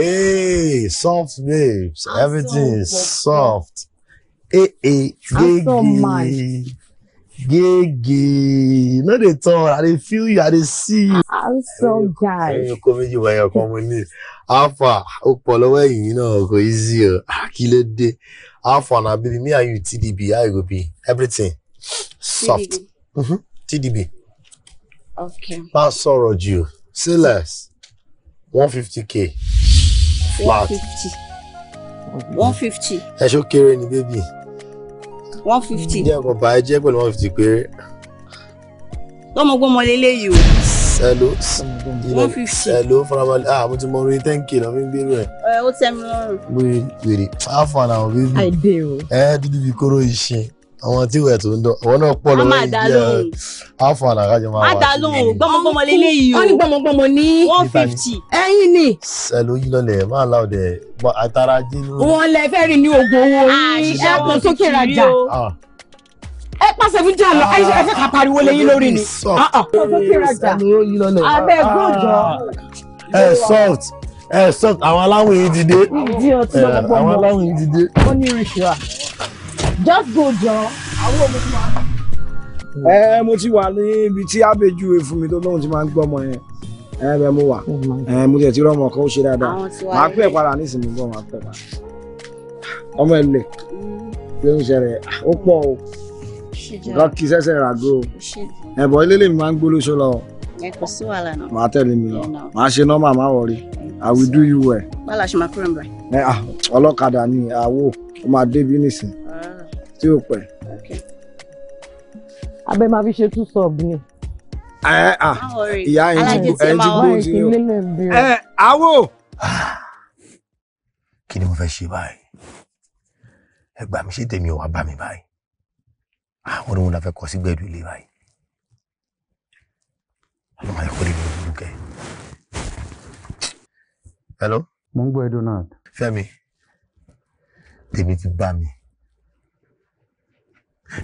Hey, soft babes. Aso Everything is soft. Hey, hey, gege. Gege. No, they talk. I they feel you. I they see you. I'm so guy. You come in, you when you come in. Alpha, ọ̀pọ̀ lọ́wọ́ You know, go easy o. Ah, kí ló Alpha now, baby, me and you TDB, how you go be? Everything soft. TDB. Mm-hmm. TDB. Okay. Bá sọ̀rọ̀ you. Say less. 150k flat. 150. Okay. 150. ẹ ṣó kéré ni bébì. 150. jẹ́ ọkọ̀ bá ẹ jẹ́ pẹ̀lú 150 péré. lọ́mọgbọ́mọ lélẹ́yìí o. Hello. 150. Hello farabalẹ̀ ah mo ti mọ orin ten k náà mi ń gbèrú ẹ̀. ẹ ó tẹ́ mi lọ́rùn. wèrè wèrè fáfà náà bébì. àìdè o. ẹ dúdú bíi kóró iṣẹ́ àwọn tí wẹ̀ tó ń dọ̀ ọ̀wọ́ náà pọ̀ lọ́wọ́ yìí àfọ̀ àlàkájọ máa wà. má dá lóhùn gbọmọgbọmọ lélẹ́ one fifty. ẹyin ni. ẹlò yìí lọlẹ̀ máa la ọ̀dẹ̀ àtàrà jínú. wọn lẹ fẹ́ rí ní oògùn owó yín ah, ẹ kò sókè rajà ah. ẹ pàṣẹ fún jà lọ àìsàn ẹ fẹ́ ká pariwo lẹ́yìn lórí ni. kò ah, sókè rajà abẹ́ gbọ́dọ̀. ẹ salt. ẹ salt. àwọn aláwọ̀ yìí dìde àwọn aláwọ̀ yìí dìde. ó ní ìrìnsì wa just go jọ. àwọn ọmọ tí wàá. ẹ mo ti wà níbi tí àbẹjú efun mi tó lóun ti máa ń gbọmọ yẹn ẹ bẹ mo wà oh ẹ mo tiẹ̀ ti rọ ọmọ kan ó ṣe dáadáa màá pẹ́ padà nísìnyí gbọ́ màá pẹ́ padà ọmọ ẹ lè mm. ló ń ṣẹlẹ̀ ó pọ̀ o nǹkan kì í ṣẹ̀ṣẹ̀ ràgó o ẹ̀bọ̀ ilé lèmi máa ń gbólóṣó lọ màá tẹ̀lé mi lọ màá ṣe nọ́mà máa wọ̀rí i will do you well. bala ṣe máa kúrò ń bẹ̀. Ah, ọlọ́kadà ni àwo ó máa débi nísìn tí ó pẹ́. abẹ máa fi ṣe two sub ni. ẹ à ìyá ẹyin ti gbó ti yọ ẹ àwò. kí ni mo fẹ́ ṣe báyìí ẹ gbà mí ṣé tèmi ò wá bá mi báyìí àwọn onímọ̀ la fẹ́ kọ sí gbẹ̀dù ilé báyìí àwọn máa kọ́ nínú ìlú kẹ. hello. mo ń gbọ́ ẹ Donald. Fẹ́mi tèmi ti bá mi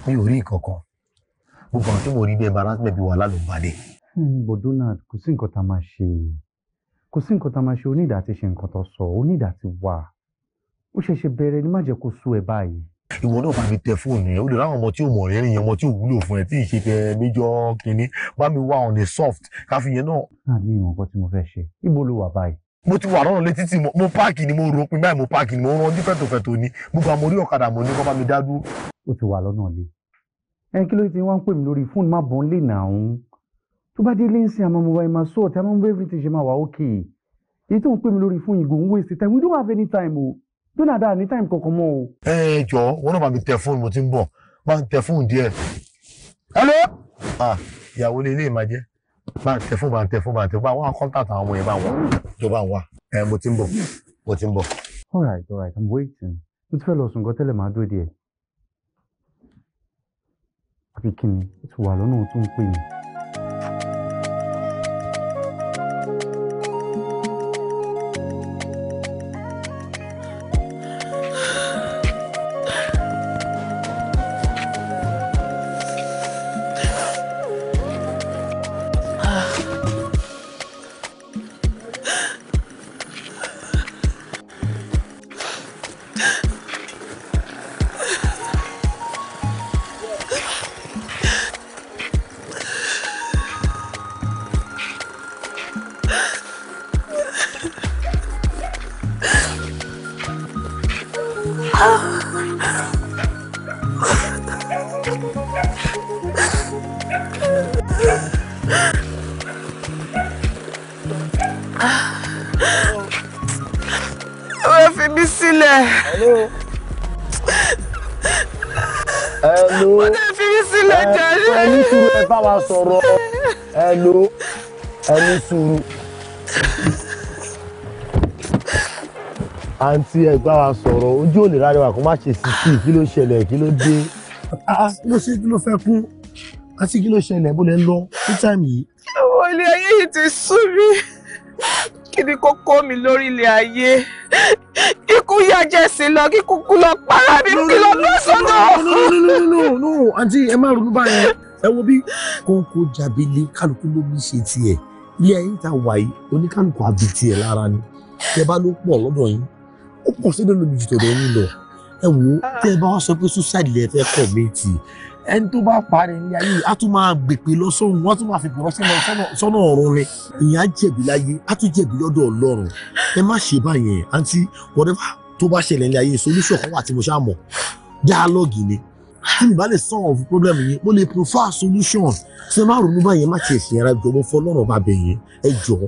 mi ò rí ìkankan gbogbo àwọn tí mo rí bí embarrassment bí wàhálà ló bá dé. Hmm, bọ̀dúnà kò sí nǹkan tá a máa ṣe kò sí nǹkan tá a máa ṣe onídàá ti ṣe nǹkan tó sọ onídàá ti wà ó ṣẹ̀ṣẹ̀ bẹ̀rẹ̀ ni má jẹ́ kó sú ẹ báyìí. ìwọ náà bá mi tẹ fóònù yẹn ó lè ráwọn ọmọ tí ò mọ̀ rẹ́rìn yẹn ọmọ tí ò wúlò fún ẹ tí ì ṣe tẹ méjọ kínní bá mi wá ọ̀nà soft káfí yẹn náà. àmì ah, ìwọ̀n kan tí mo fẹ́ ṣe ibo ló wà báyìí mo ti wà lọ́nà létí tí mo páàkì ni mo rò pin báyìí mo páàkì ni mo rán dífẹ̀tòfẹ̀tò ni gbogbo àmọ́ orí ọ̀kadà mo ní kó bá mi dá dúró ó ti wà lọ́nà ilé ẹni kí ló ti wọ́n ń pè mí lórí fóònù má bọ́n lè nà òun tó bá dé lẹ́sìn àmọ́ mo wá ẹ máa sọ ọ̀tá máa ń bá everything ṣe máa wà ókè èyí tó ń pè mí lórí fóònù ìgò ń waste time we don't have any time o don't have any time kankan mọ́ o. ẹ ẹ jọ wọn náà bá mi tẹ fóònù mo ti ń bọ̀ bá ń tẹ fóònù díẹ̀. hello. ah ìyàwó ilé ilé ìmàjẹ bá ń tẹ fóònù bá ń tẹ fóònù bá ń tẹ fóònù bá wọn contact àwọn ọmọ yẹn bá wọn tó bá wà ẹ mo ti ń bọ̀ mo ti ń bọ̀. all right all right i'm waiting mo ti fẹ́ lọ sùn gan tẹ́lẹ̀ máa dó díẹ̀ àbí kí ni ó ti wà lọ́nà tó ń pè mí. àǹtí ẹ bá wa sọ̀rọ̀ ojú ò lè rárẹwà kó má ṣe sísì kí ló ṣẹlẹ̀ kí ló dé. Ah, ah, kí ló ṣe kí ló fẹ́ kún àti ah, kí ló ṣẹlẹ̀ bó lẹ lọ ní táìmù yìí. àwọn ilé ayé yìí ti sú mi kí ni kókó mi lórí ilé ayé ikú yá jẹ́sìn lọ kí kúkú lọ para mi kí lọ lọ́sọ̀nà. no no no no àǹtí ẹ má ronú báyẹn ẹ wo bí kóńkó jàbílé kálukú ló ní ṣe tiẹ̀ ilé ayé ta wà yìí oníkálukú àbí tiẹ̀ lára ni tẹ bá ló pọ̀ lọ́dọ̀ yín ó pọ̀ sí lónìí ju tọ̀dọ̀ yín lọ ẹ wò ó tẹ́ ẹ bá wá sọ pé suicide lè fẹ́ kọ̀ méjì ẹni tó bá parí ní ayé a tún máa gbèpè lọ sọ́run wọ́n tún máa fi pọ̀ sọ́nà ọ̀run ni ìyẹn á jẹ̀bi láyé á tún jẹ̀bi lọ́dọ̀ ọlọ́run ẹ má ṣe báyẹn àǹtí whatever tó bá ṣẹlẹ̀ ní ayé solution kan wà tí mo ṣáà mọ̀ dialogue ni tí mi bá lè solve problem yìí mo lè prefer solution ṣe má ronú báyẹn má ṣe ṣìyàrá jọ̀wọ́ fọlọ́run bàbẹ̀ yẹn ẹ jọ̀ọ́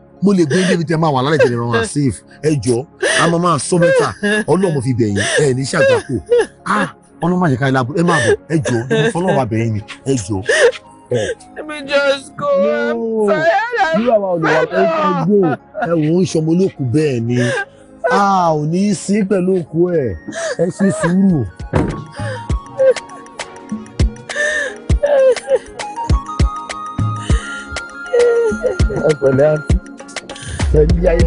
mo lè gbé débi tẹ máa wà lálẹ́ tẹ̀lé rọrùn àṣìf ẹ a máa máa sọ mẹ́ta ọlọ́mọ fi bẹ̀yìn ẹ ní ṣàgbákò ah ọlọ́mọ máa yẹ ká ẹ ẹ máa bọ̀ ẹ jọ fọlọ́mọ bá bẹ̀yìn ni ẹ jọ. let me just go i'm tired i'm tired. yíyàwó olùwà tó ń gbó ẹ wò ó ṣọmọ olókùn bẹ́ẹ̀ ni a ò ní í sí pẹ̀lú òkú ẹ̀ ẹ ṣe sùúrù. ẹ pẹ̀lẹ́ àti ṣebí ayé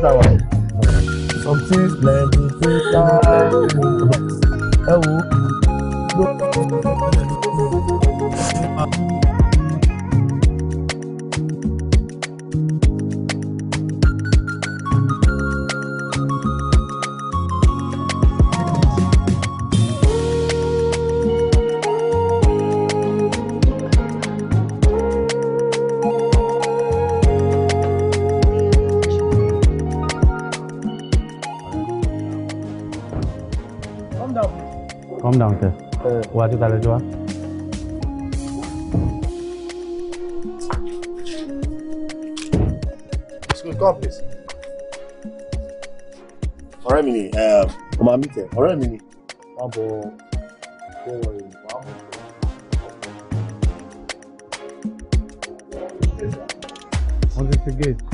some things plenty things are ẹ Calm down. down, sir. Wà á ti kalẹ̀ jọ wá. Excuse me, come please. Ọ̀rẹ́ mi eh, ni ọmọ mi tẹ̀. Ọ̀rẹ́ mi ni. Wọ́n bọ̀ wọ́n wọ̀ yìí. Wọ́n gate.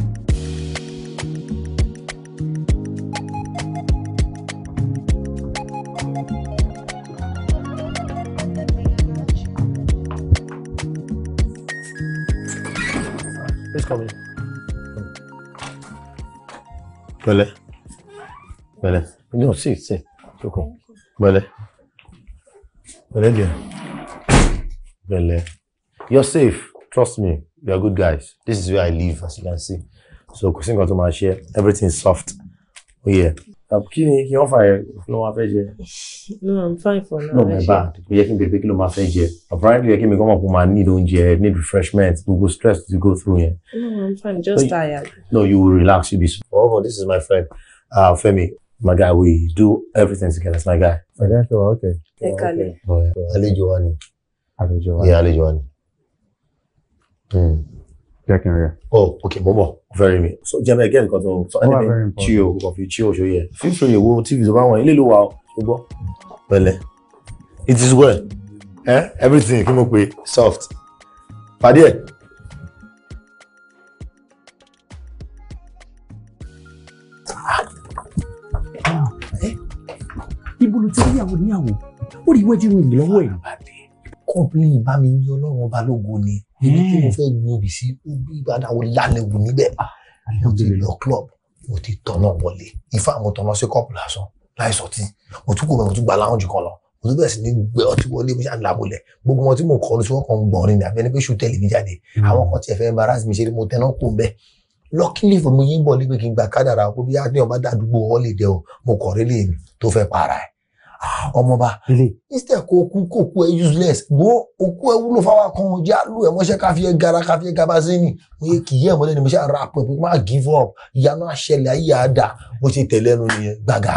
kàwé. pẹ̀lẹ́ pẹ̀lẹ́ ní ọsì ìsẹ tókàn pẹ̀lẹ́ pẹ̀lẹ́ díẹ̀ pẹ̀lẹ́ you're safe trust me you are good guys this is where I live as you can see so kò sí nǹkan tó máa everything is soft ó Oh, yeah kí ni kí wọ́n fà ẹ́ ló máa fẹ́ jẹ. no i'm fine for now. no my bad kò yẹ kí n bèrè pé kí ló máa fẹ́ jẹ apparently yẹ kí mi kọ́ mọ̀ kó máa need oúnjẹ need refreshment gbogbo stress to go through yẹn. no i'm fine just so, tired. no you will relax you be so. Oh, however this is my friend uh, Femi my guy we do everything together it's my guy. ọ̀gá ṣe wa ok. ẹ kalẹ̀. àlejò wa ni. àlejò wa ni. àlejò wa ni. jẹ́ kí n rí ẹ. oh okay, bọ̀ bọ̀ very me so jẹmẹ again nǹkan tó so anything chill kò fi chill ṣòye ẹ feel free wo tv tó bá wọn ilé ìlú wa o gbọ́ pẹ̀lẹ́ it is well eh? everything kí mo pe soft pàdé ẹ. Ah, eh. ibo ló ti rí ìyàwó níyàwó ó rí wedding ring lọ́wọ́ ẹ̀ complain bá mi yí ọlọ́run ọba lógo ni ibi tí mo hmm. fẹ́ gbin obì sí ibi ìbàdàn wo lálẹ́ wù níbẹ̀ ah, mo ti lọ club mo ti tọ̀nà wọlé ifá mo tọ̀nà sí cup lásán láì sọtí mo tún kò bẹ́ẹ̀ mo tún gba láwùjọ kan lọ mo tún bẹ̀rẹ̀ sí ní gbé ọtí wọlé mo ṣe àlàbọ̀lẹ̀ gbogbo wọn tí mo kọ́ ló sí wọn kàn ń gbọ̀n ni àbí ẹni pé ṣù tẹ̀lé mi jáde hmm. àwọn kan tiẹ̀ fẹ́ embarrass mi ṣe mo tẹ́ná kó bẹ́ẹ̀ lọ́kìlì fún mi yín bọ̀ lé pé kí n gba kádàrà pé bí adéyàn mo kọ̀ rélé mi tó fẹ́ ọmọba instead kò kú kò kú ẹ useless bó okú ẹ wúlò fáwọn kan jẹ àlù ẹ mọṣẹ káfí ẹ gara káfí ẹ gaba sí ni mo yẹ kì í yẹ mọlẹ ni mo ṣe ara pẹ má give up ìyanu àṣẹlẹ ayé àdá mo ṣe tẹlẹ nu nìyẹn gbàgà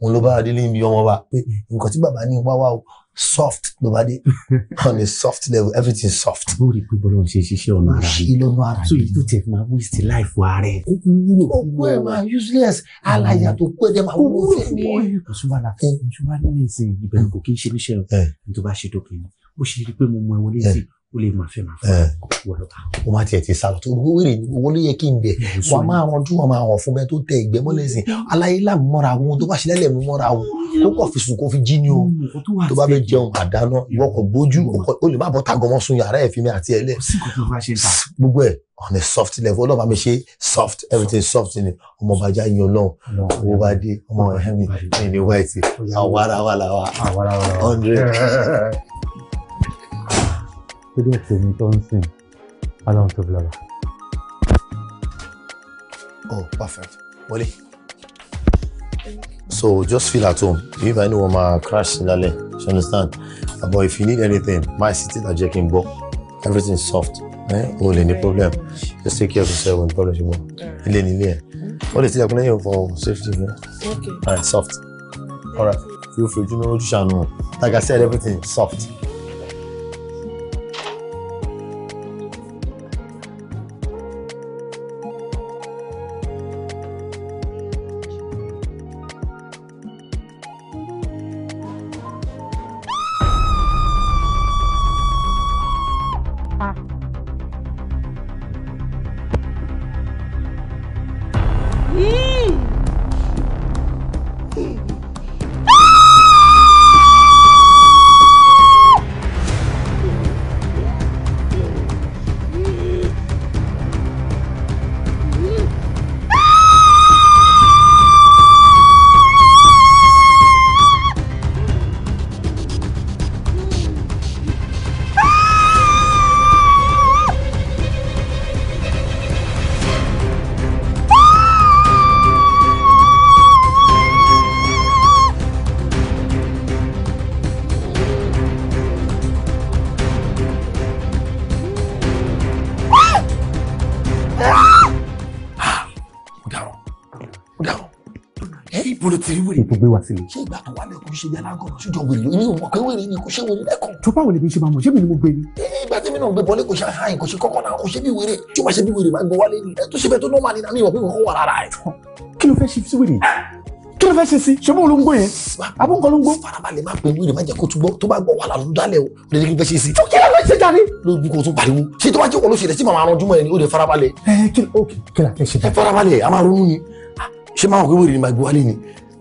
òun ló bá adélé ń bi ọmọba pé nǹkan tí bàbá ní wá wá o soft nobody on a soft level everything soft. ó rí i pé bọ́lá ń ṣe ṣiṣẹ́ ọ̀nà ara rẹ̀ ìlọ́nà ara rẹ̀ so ìlú tẹ̀ máa waste life wa rẹ̀. ó wúlò owó ẹ̀ máa useless alaya tó pé dẹ́ máa wúlò fún mi. kò sí wàhálà kò sí wàhálà ní ìsìn ìbẹ̀rù kò kí ń ṣe níṣẹ́ o ní tó bá ṣe dókè ni ó ṣe rí i pé mo mọ ẹ wọlé sí i ó lè máa fẹ́ máa fún wọn. o máa tiẹ̀ ti sálọ tó wéèrè owó ló yẹ kí n bẹ̀ wà á máa rànjú wọn máa hàn fún bẹ́ẹ̀ tó tẹ ìgbẹ́ mọ́lẹ̀ sìn aláyé láàmú mọ́ra wọn tó bá ṣe lẹ́lẹ̀ mú mọ́ra wọn kó kọ̀ fi sùn kó fi jí ni o hmm, tó bá fẹ́ jẹun àdáná ìwọ kò gbójú o hmm. lè má bọ́ ta gọmọ sun yàrá ẹ̀ fi mi àti ẹ̀ lẹ̀ gbogbo ẹ̀ on a soft level ọlọ́run bá mi ṣe soft everything soft ni ọmọ bàjá yan ọlọ́run owó bá dé ọmọ ẹ̀hìn mi ẹ̀yìn ni white àwarawa hundred. tó dẹ̀ pè mí tó ń sìn ọlọ́run oh perfect wọlé. so just feel at home if anyone ma crash lálẹ́ you understand but if you need anything my city is a kí book. Everything's soft o Only ní problem just take care of yourself when problem ṣe mọ ilé ní ilé What is it? I'm ẹ̀kún lẹ́yìn for safety yeah? okay. and soft All right. feel free You know you ojúṣàánú like I said everything soft. gbé wá sílé. ṣé ìgbà tó wà lẹ́kọ̀ọ́ ṣe yàrá gọ̀rọ̀ ṣùjọ wèrè èmi ò mọ̀ pé wèrè ni kò ṣe wèrè lẹ́kọ̀ọ́. tó báwo lè fi ṣe máa mọ̀ ṣé mi ni mo gbé ni. ìgbà tí mi náà gbé bọ́lé kò ṣe àhán kò ṣe kọ́kọ́ náà kò ṣe bí wèrè tí wàá ṣe bí wèrè máa gbé wálé ni tó ṣe fẹ́ tó nọ́ọ̀mà ni àmì ìwọ̀n pé kò wà rárá ẹ̀. kí ló fẹ́ ṣe sí wèrè kí ló fẹ́ ṣe sí ṣé bó ló ń gbọ́ yẹn abó nǹkan ló ń gbọ́. farabalẹ̀ máa pè wíìrì má jẹ́ kó tún gbọ́ tó bá gbọ́ wàhálà ló dálẹ̀ o lè ní kí n fẹ́ ṣe sí. ó kí ló fẹ́ ṣe jáde. lójú kò tún pariwo ṣé tó bá jẹ́ òun ló ṣe rẹ̀ sí màmá aránjú mọ́ ẹ̀ ni ó lè farabalẹ̀. ẹ kí ló kí ló fẹ́ ṣe jáde. farabalẹ̀ a máa ronú ni ah, ṣé máa wọ̀ pé wíìrì ni màá gbé wálé ni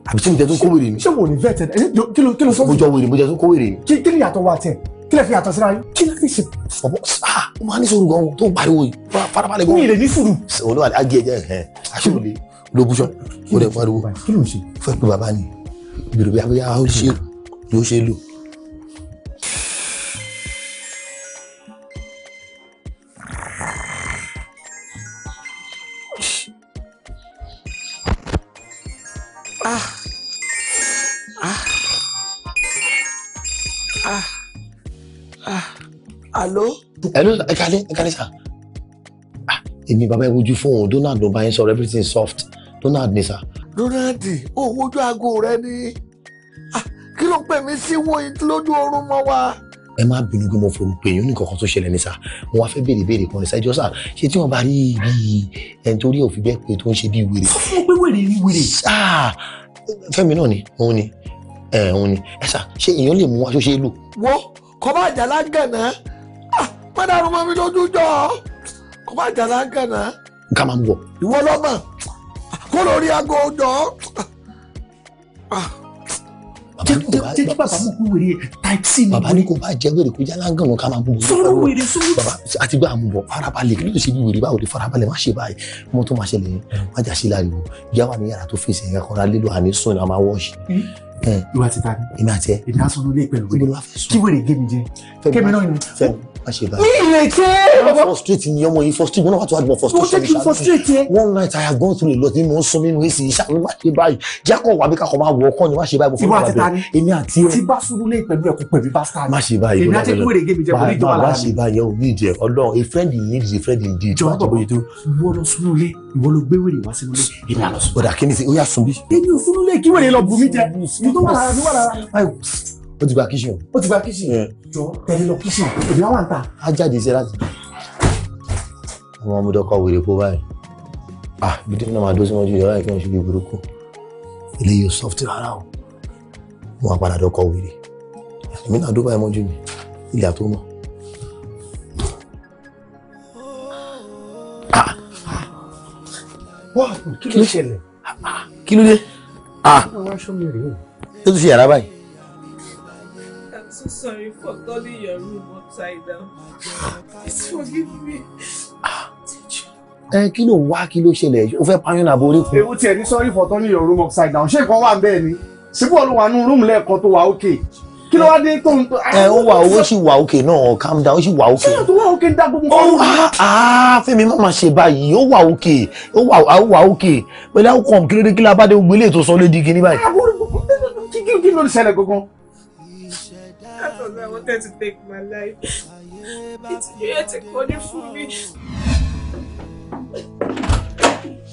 àbí tí mo jẹ tó ń kó ṣé wo ni vet ẹ kí ló kí ló sọ. mo jọ wèrè mo jẹ tó ń kó kí kí ni yàtọ̀ wa tẹ kí lè fi yàtọ̀ síra yín. kí lè fi ṣe fọwọ́ ah o máa ní sùúrù gan o tó ń pariwo yìí farabalẹ̀ gan. mi ì lè ní sùúrù. olúwa ni ajé ẹjẹ ẹ aṣọ mi ló bú sọ o rẹ pariwo fẹ pé bàbá ni ìbèrè bí a bí a ó ṣe ló ṣe lò. ẹ ló ẹ kálẹ̀ ẹ kálẹ̀ sà ah èmi bàbá ẹ wojú fóun Donald ló bá yín sọ̀rọ̀ everything soft Donald ni sà. Donald ò wojú aago rẹ ni ah, kí ló pè mí sí wo lójú oorun mọ́ wa ẹ má bínú pé mo forúkọ èèyàn ní kankan tó ṣẹlẹ̀ ní sá wọn wá fẹ́ béèrè béèrè kan ní sá ẹjọ́ sá ṣé tí wọ́n bá rí ibi ẹni tó rí òfin bẹ́ẹ̀ pé tó ń ṣe bí wèrè. sọ fún pé wèrè ni wèrè. fẹ́mi náà ni òun ni òun ni ẹ sá ṣé èèyàn lè mú aṣọ ṣe é lò. wo kọ́ bá jà lágànná padà rún mọ́ mi lójú jọ kó má jà láǹkànná. ká máa ń wọ. ìwọ lọ́mọ kó lórí aago jọ. jẹ́ bàbá type c ni. bàbá ní kò bá jẹ́ wèrè kó já láǹkànná ká máa bú wèrè. sọ̀rọ̀ wèrè sọ̀rọ̀. bàbá àti gbà mú bọ̀ farabalẹ̀ kí ló ṣe bí wèrè báwo ni, farabalẹ̀ má ṣe báyìí mo tún máa ṣẹlẹ̀ hmm. má jà sí láriwo ìyá wa ní yàrá tó fèsì ẹ̀yà kan lálẹ́ lọ́wọ́ àní sùn ní a máa wọ́ọ̀ṣì hmm. hmm. ìwà ti ta ni èmi àti ẹ èmi á sọ lórí ìpẹ̀lú kí wèrè gé mi jẹ kémi náà ni má ṣe báyìí. mi ìrètí. wọ́n frustrate ni ọmọ yìí frustrate wọn náà wà tó àgbọn frustration. wọ́n jẹ́ kí n frustrate yẹn. one night I have gone through a lot ni mo ń sún nínú èsì ìṣàlù má ṣe báyìí jákọ̀ wà bí kakọ̀ máa wọ ọkọ ni má ṣe báyìí mo fi máa bẹ̀rẹ̀ èmi àti ẹ̀. tí bá sùúrù lé pẹ̀lú ẹ̀kú pẹ̀lú bastard. má ṣe báyìí èmi àti kúrè gé mi jẹ́ kúrè ìjọba lára mi. má ṣe báyìí o ó ti gba kíṣìn o. ó ti gba kíṣìn. jọ tẹ̀lé lọ kíṣìn èmi àwọn àǹtà. á jáde iṣẹ́ láti. àwọn ọmọdé ọkọ wèrè kó báyìí ah bí tèmi náà máa dó síwájú ìyá báyìí kí wọ́n ṣe bí burúkú eléyìí ò sọ́fìtì rárá o mo wá padà dọ́kọ wèrè èmi náà dó báyìí mọ́jú mi ilé àtó mọ́. Ah. kí ló ṣẹlẹ̀ ah, kí ló dé. Ah. ó tún ṣe yàrá báyìí so sorry for calling your room upside down. Please forgive me. Ah, ẹ kí ló wá kí ló ṣẹlẹ̀ o fẹ́ pààyàn àbò orí kun. Èwo tiẹ̀ ní sọ́rí for turning your room upside down. Ṣé nǹkan wà ń bẹ́ẹ̀ ni? Síbú olúwa nú rúùmù lẹ́ẹ̀kan tó wà ókè. Kí ló wá dé tó ń. Ẹ ó wà owó sì wà ókè náà calm down ó sì wà ókè. Ṣé ètò wà ókè ń dá gbogbo nǹkan lórí? Fẹ́mi má máa ṣe báyìí, ó wà ókè, ó wà ókè. Pẹ̀lú àwọn kọ̀ọ̀mù kí ló dé kí lábàdé gbogbo ilé ètò sọ lé di kíní báyìí. Ah, kí kí ló ń ṣẹlẹ̀ gangan? That's why I wanted to take my life. It's here to call you for me.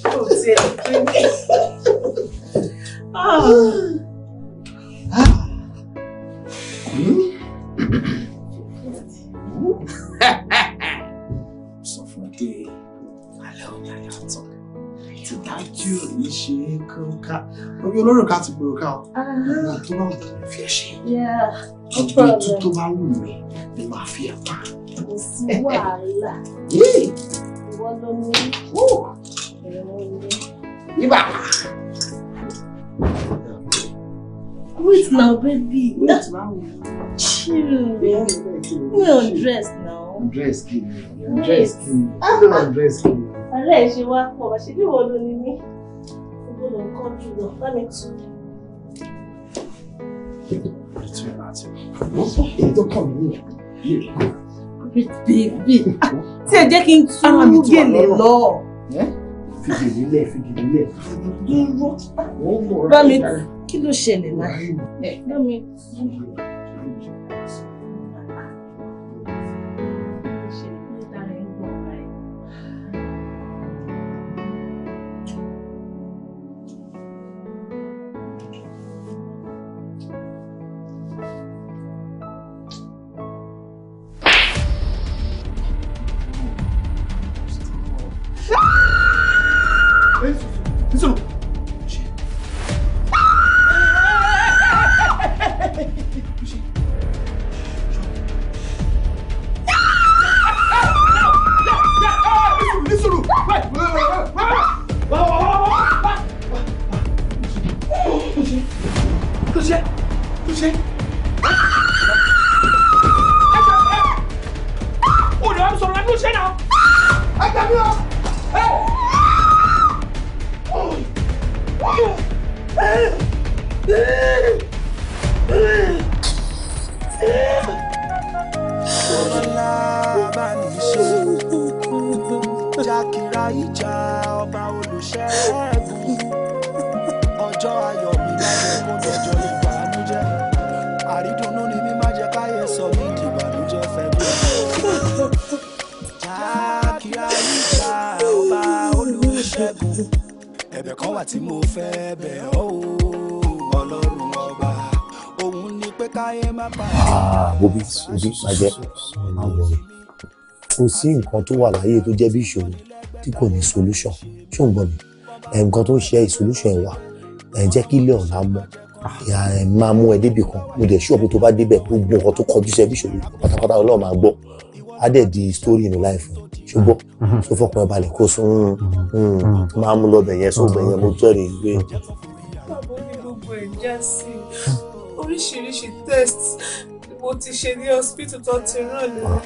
Oh, dear. Ah. Ah. Hmm? tí ò ní ṣe é kọ́ká orí olóró ká ti gbòòrò ká ọ tó bá wù mí fi ẹ ṣe ọgbẹ́ tó bá wù mí ni màá fi ẹ pa. kò sí wàhálà ìwọ ló ní ẹ̀rọ wait now baby. wait now. chill. we are dressed now dress kí ni dress kí ni kí ló dress kí ni. ọ̀rẹ́ ẹ̀ ṣe wá pọ̀ ṣe bí wo ló ní mí gbogbo nǹkan jù lọ bá mi tu. ètò ẹ̀ láti èyí tó kàn mí nìyẹn. bèbè ah, tí ẹ jẹ́ kí n tún gèlè lọ fìdí nílẹ̀ fìdí nílẹ̀. bá mi kí ló ṣẹlẹ̀ náà bá kò sí nǹkan tó wà láyé tó jẹ́ bí ìṣòro tí kò ní solution ṣó ń gbọ́ mi nǹkan tó ń ṣe solution wà ẹ̀ jẹ́ kí ilé ọ̀la mọ́ máa mú ẹ débì kan mo dẹ̀ ṣọ́ọ̀bù tó bá débẹ̀ gbogbo nǹkan tó kọjú sí ẹ ìṣòro pátápátá ọlọ́run máa gbọ́ á dẹ̀ di story inú láìfún ṣùgbọ́n tó fọkàn ẹ balẹ̀ kó sún mm-hmm. Mm. Mm-hmm. máa mú lọ bẹ̀yẹn sóbẹ̀ yẹn mo jẹ́rìí gbé. gbogbo oríṣiríṣi test mo ti ṣe ní hospital tó ti ràn lórí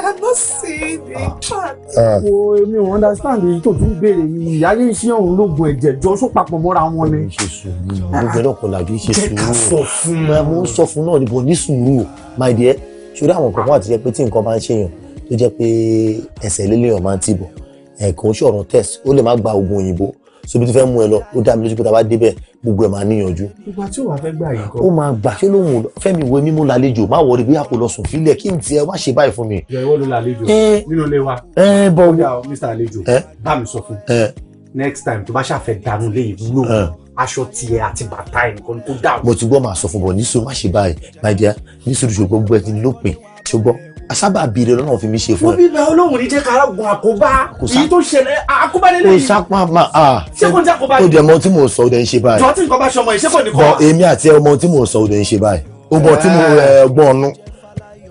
I have not seen the impact. Wo ò understand èyí tó tún béèrè yìí. Ìyá yìí ṣé òun lóògùn ẹ̀jẹ̀ jọ só papọ̀ mọ́ra wọn ni. Ṣé sùúrù gbogbo náà kò làjú ṣe sùúrù. Jẹ́ ká Mo ń sọ fún náà níbo ní sùúrù o. My dear, ṣorí àwọn nǹkan kan àti jẹ́ pé tí nǹkan bá ń ṣèyàn tó jẹ́ pé ẹsẹ̀ lélẹ̀ yàn máa ń tìbọ̀. Ẹ̀kan oṣù test ó lè má gba oògùn òyìnbó sobi tí fẹ́ mú ẹ lọ ó dá mi lójú pé tá a bá débẹ̀ gbogbo ẹ̀ máa níyànjú. ìgbà tí ò wá fẹ́ gbà yìí kọ́. ó máa gbà ṣé lóhùn fẹ́mi ìwé mímú lálejò má wọrí bí àpò lọ sùn fílẹ̀ kí n tiẹ̀ wá ṣe báyìí fún mi. yọ ìwọ ló lálejò nínú ilé wa. ẹ ẹ bọ ọjà Mr. Àlejò bá mi sọ fún next time tó bá ṣàfẹ́ dànù léyìí lò aṣọ tiẹ̀ àti bàtà ẹ̀ nǹkan tó dà. mo ti gbọ́ máa sọ fún bọ̀ ní sùúrù má ṣe báyìí my dear ní sùúrù ṣùgbọ́n gbogbo ẹ ti lópin ṣùgbọ́n asábà bìrẹ lọ́nà òfin mi ṣe fún ẹ. wọ́n bíbá olóhùn ní jẹ́ ká arágùn àkóbá èyí tó ṣẹlẹ̀ àkóbá lélẹ̀ yìí. kò sápá ma a ṣẹ́kùn tí àkóbá yìí. ó di ọmọ tí mò ń sọ ọdẹ ń ṣe báyìí. jọ tí nǹkan bá ṣọmọ yìí ṣẹ́kùn nìkan. bọ èmi àti ọmọ tí mò ń sọ ọdẹ ń ṣe báyìí ọgbọ́n tí mo gbọ́n ọnu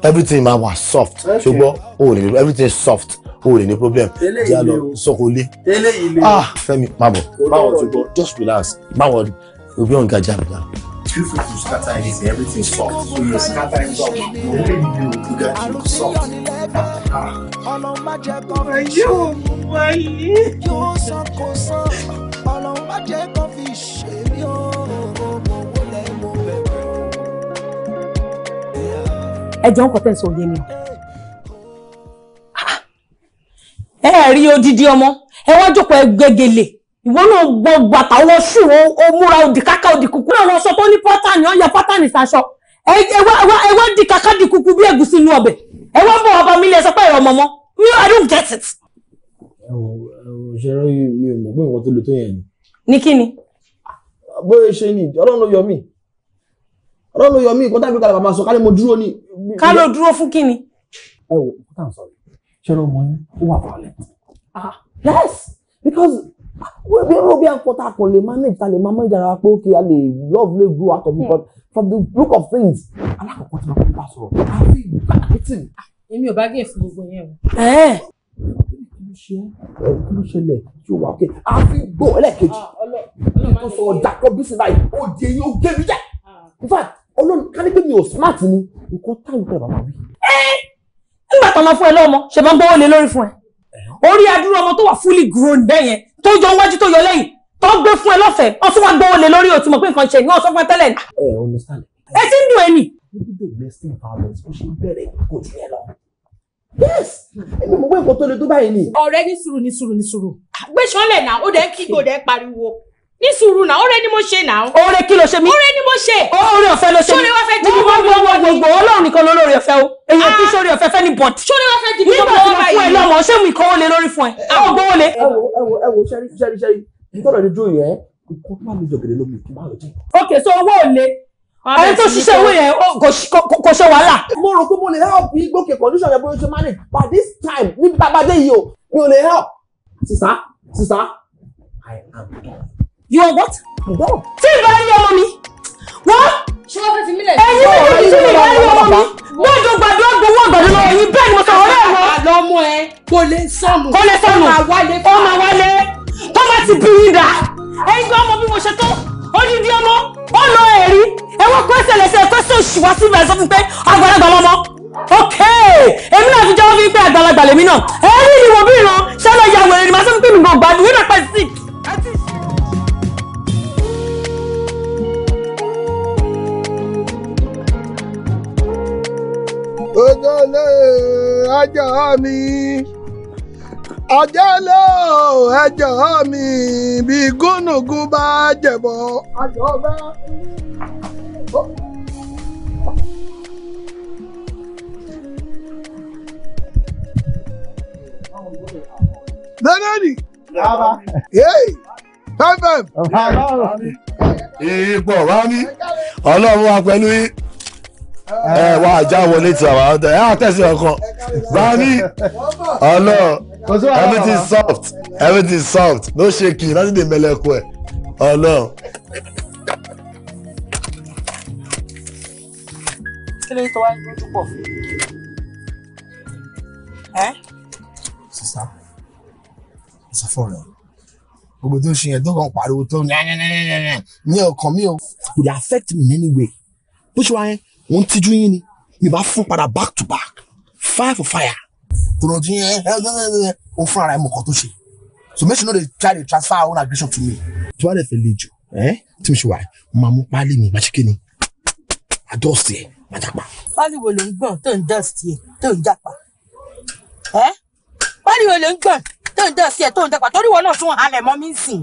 everything ma wà soft ṣùgbọ́n o ò ní everything soft o ò ní problem jẹ́ àlọ́ sọ́kòlé. eléyìí le ah Fẹ́mi má bọ̀ báwọn ti gbọ́ just relax báwọn òbí òǹkà jáde náà two people scatter anything, everything soft. So you scatter it up. The way you do that, you soft. it? wáyé. Yóò san jẹ́ kó tẹ̀sán òye mi ah, Ẹ rí odidi ọmọ, ẹ wá jókòó ẹgbẹ́gẹ́lẹ̀ ìwọ náà gbọ́ gbàtà wọ ṣù ó múra òdì kákà òdì kúkú náà wọ́n sọ tó ní pátánì ọ̀yà pátánì sàṣọ ẹwà di kákà di kúkú bí ẹ̀gúsí inú ọbẹ̀ ẹwà bọ̀ ọba mi lẹ sọ pé ẹ̀rọ mọ́mọ́ mi I don't get it. ṣeré mi ò mọ̀ pé nǹkan tó le tó yẹn ni. ní kí ni. bó ṣe ni ọlọ́run ló yọ mí ọlọ́run ló yọ mí kọ́tà mi kàlàbà máa sọ kálẹ̀ mo dúró ni. ká ló dúró fún kí ni. ẹ wo kọ́tà sọ̀rọ̀ ṣẹlẹ̀ ọmọ yẹn ó wà fàlẹ̀. ah yes because wọ́n bí wọ́n bí akọta akọ lè manage ta lè máa manage ara pé okay a lè love lè grow out of me, but from the look of things alákọ̀ọ́kọ́ tí wọ́n bá sọ̀rọ̀ àfi marketing. Ah, èmi ò bá gé fún gbogbo yẹn o. ẹ kí ló ṣẹlẹ̀ tí o wà ókè àfi gbó ẹlẹ́ẹ̀kejì tó sọ ọjà kan bí sinmi báyìí ó di eyín ó gé mi jẹ ah. in fact ọlọ́run kálíkì mi ò smart ni nǹkan táwọn ìpẹ́ bàbá mi. ẹ nígbà tó máa fún ẹ lọ́mọ ṣe máa ń gbówó lé lórí fún ẹ orí adúrú ọmọ tó wà fully grown bẹ́ẹ̀ yẹn tó yọ wájú tó yọ lẹ́yìn tó gbé fún ẹ lọ́fẹ̀ẹ́ ó tún wá gbówó lé lórí ó ti mọ̀ pé nǹkan ṣe ni wọ́n sọ fún ẹ tẹ́lẹ̀. ẹ ẹ understand. ẹ ti ń dùn ẹni. níbi domestic violence ó ṣe bẹ̀rẹ̀ kò jù ẹ lọ. yes èmi mọ̀ pé nǹkan tó le tó báyìí ni. ọ̀rẹ́ ní sùúrù ní sùúrù ní sùúrù gbé sọ́lẹ̀ náà ó dẹ̀ ń kígbe pariwo ní sùúrù náà ọ̀rẹ́ ni mo ṣe náà. ọ̀rẹ́ kí ló ṣe mí. ọ̀rẹ́ ni mo ṣe. ọ̀rẹ́ ọ̀fẹ́ ló ṣe mí. sórí wàá fẹ́ di mi lọ́wọ́ lọ́wọ́ ni. gbogbo Ọlọ́run nìkan ló lórí ọ̀fẹ́ o. èyí ò fi sórí ọ̀fẹ́ fẹ́ ni bọt. sórí wàá fẹ́ di mi lọ́wọ́ nígbà tí mo fún ẹ lọ́mọ ṣé mi kọ́ ó lé lórí fún ẹ. àwọn ah. gbowó lé. ẹ wo ẹ wo ẹ wo ṣẹ́rí ṣẹ́rí ṣẹ́rí nítorí ojú yẹn kó má mi jọ̀gẹ̀dẹ̀ lómi kó má lọ ok so owó ò le ah, ẹni tó ṣiṣẹ́ owó yẹn kò ṣe wàhálà. mo rò pé mo lè help yí gòkè condition yẹn bó ṣe manage but this time ní bàbá dé yìí o mi ò lè help. sísá sísá i am done you are what. tí ìbá ń yọ ọmọ mi wọ́n. ṣé wọ́n fẹ́ fi mílẹ̀. ẹyin méjèèjì tí ìbá ń yọ ọmọ mi gbọ́dọ̀ gbàdúrà gbowó ọ̀gbọ̀dọ̀ lọ ẹ̀yin bẹ́ẹ̀ ni mo sọ ọ̀rẹ́ ẹ̀ wọ́n. àlọ́mọ ẹ kò lè sọnù. kò lè sọnù ó máa wálé tó bá ti bí yín dá ẹ̀yin gbọ́ ọmọ bí mo ṣe tó odidi ọmọ ó lọ ẹ̀rí ẹ̀wọ̀n kó ẹsẹ̀ lẹ́sẹ̀ tó sì oṣù wá sí ibà sọ fún pé àgbàlagbà ọmọ ok èmi náà fi jẹ́wọ́ fi pé àgbàlagbà lèmi náà ẹ̀rí ìwọ̀n bí ìran ṣẹlẹ̀ ìyàwó ẹ̀rí màá sọ fún pé mi gbọ̀ngbà ni wíńdà pẹ̀ sí. òjòlè ẹjọ́ mi àjálẹ̀ ẹjọ́ mi bí gúnùgún bá jẹ̀bọ̀ àjọ bá. Danadi. Yéé. Fẹ́fẹ́. Ìgbọ̀ wá mi. Ọlọ́run wa pẹ̀lú yín ẹ wá ajá wọlé tí àwọn ọdẹ ẹ àtẹ̀sí ọkàn bani ọlọ everything soft everything soft no shaking láti dè mẹlẹkọ ẹ ọlọ. kí ló tó wá lójú pọ̀ ẹ́. sísá sísá fọ́ọ̀rọ̀ gbogbo tó ń ṣe yẹn tó kàn pariwo tó ní ọkàn mi ò could affect me in any way bó ṣe wá yẹn wọ́n tíjú yín ni mi fún padà back to back fire for fire tòròdì ẹ ẹ ẹ o fún ara ẹ mọ̀kàn tó ṣe so make sure no dey try dey transfer our own aggression to me. tí wàá lè fẹ́ lè jù tí mo ṣe wà máa mú páálí mi máa ṣe kí ni àdọ́ọ̀sì ẹ̀ máa jápa. páálí wo ló ń gbọ̀n tó ń dọ́ọ̀sì ẹ̀ tó ń jápa páálí wo ló ń gbọ̀n tó ń dọ́ọ̀sì ẹ̀ tó ń jápa torí wọn náà tún halẹ̀ mọ́ mi sìn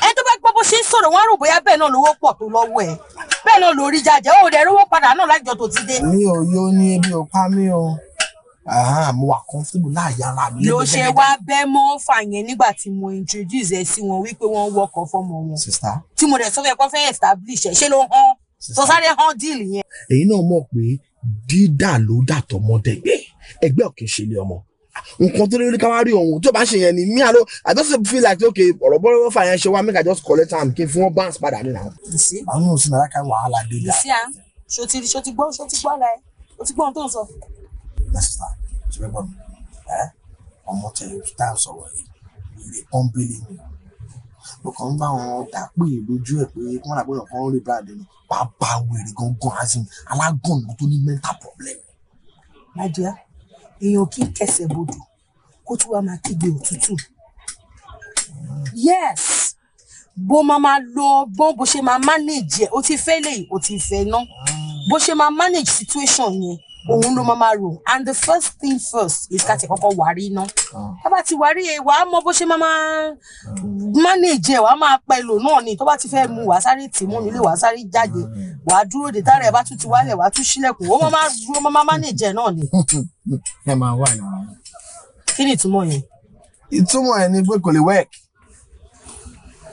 ẹ tó bá gbọ́ bó ṣe ń sọ̀rọ̀ wọn rò bóyá bẹ́ẹ̀ náà lówó pọ̀ tó lọ́wọ́ ẹ̀ bẹ́ẹ̀ náà lórí jàjẹ ó rẹ̀ rówó padà náà lájọ tó ti dé. mi ò yó ní ebi ò pa o mo wà comfortable láàyè ara mi. ló ṣe wá bẹ́ mọ́ fà yẹn nígbà tí mo introduce ẹ sí wọn wípé wọ́n ń wọkọ̀ fọmọ wọn. sista tí mo dẹ̀ sọ fẹ́ kọ́ fẹ́ establish ẹ̀ ṣé ló hàn tó sáré hàn deal yẹn. èyí náà mọ̀ pé dídà ló dàtọ̀ mọ́ dẹ̀gbẹ́ ẹgbẹ́ òkè ṣe lé ọmọ nǹkan tó lórí ká rí òun tí ó bá ṣe yẹn ni me alone i just feel like okay ọ̀rọ̀ bọ́lá fà yẹn ṣe wá make i just collect am kí n fi wọ́n bounce padà nínú àwọn. àwọn ò sí nàrà ká wàhálà dé dà. Ah, ṣé à ṣó ti ṣó ti gbọ́ ṣó ti gbọ́ ara ẹ o ti gbọ́ ohun tó ń sọ. mẹ́sítà ṣe fẹ́ gbọ́ mi ẹ́ ọmọ tẹ tá a sọ̀rọ̀ yìí lè pọ́n bílí mi mo kàn ń bá wọn dà pé lójú ẹ pé kí wọn làgbọ́dọ̀ kọ́ rí brad ni bàbá wèrè gangan azim alágùn tó ní mental problem. my dear èèyàn kì kẹsẹ̀ bodò kó tún wá máa kígbe òtútù yes bó máa máa lo ọgbọ́n bó ṣe máa manage ẹ̀ ó ti fẹ́ lè ó ti fẹ́ ná bó ṣe máa manage situation yẹn òun ló máa rò and the first thing first is ká ti kọ́kọ́ wárí iná tó bá ti wárí ẹ e, wàá mọ bó ṣe máa máa manage ẹ wàá máa pa èlò náà ni tó bá ti fẹ́ mu wàá sáré tì mú nílé wàá sáré jáde wàá dúró de tára ẹ bá tún ti wálẹ̀ wàá tún sílẹ̀kùn ó máa dúró máa manage ẹ náà ni. ẹ máa wà ní. kí ni ìtumọ̀ yẹn. ìtumọ̀ yẹn ni pé kò lè work.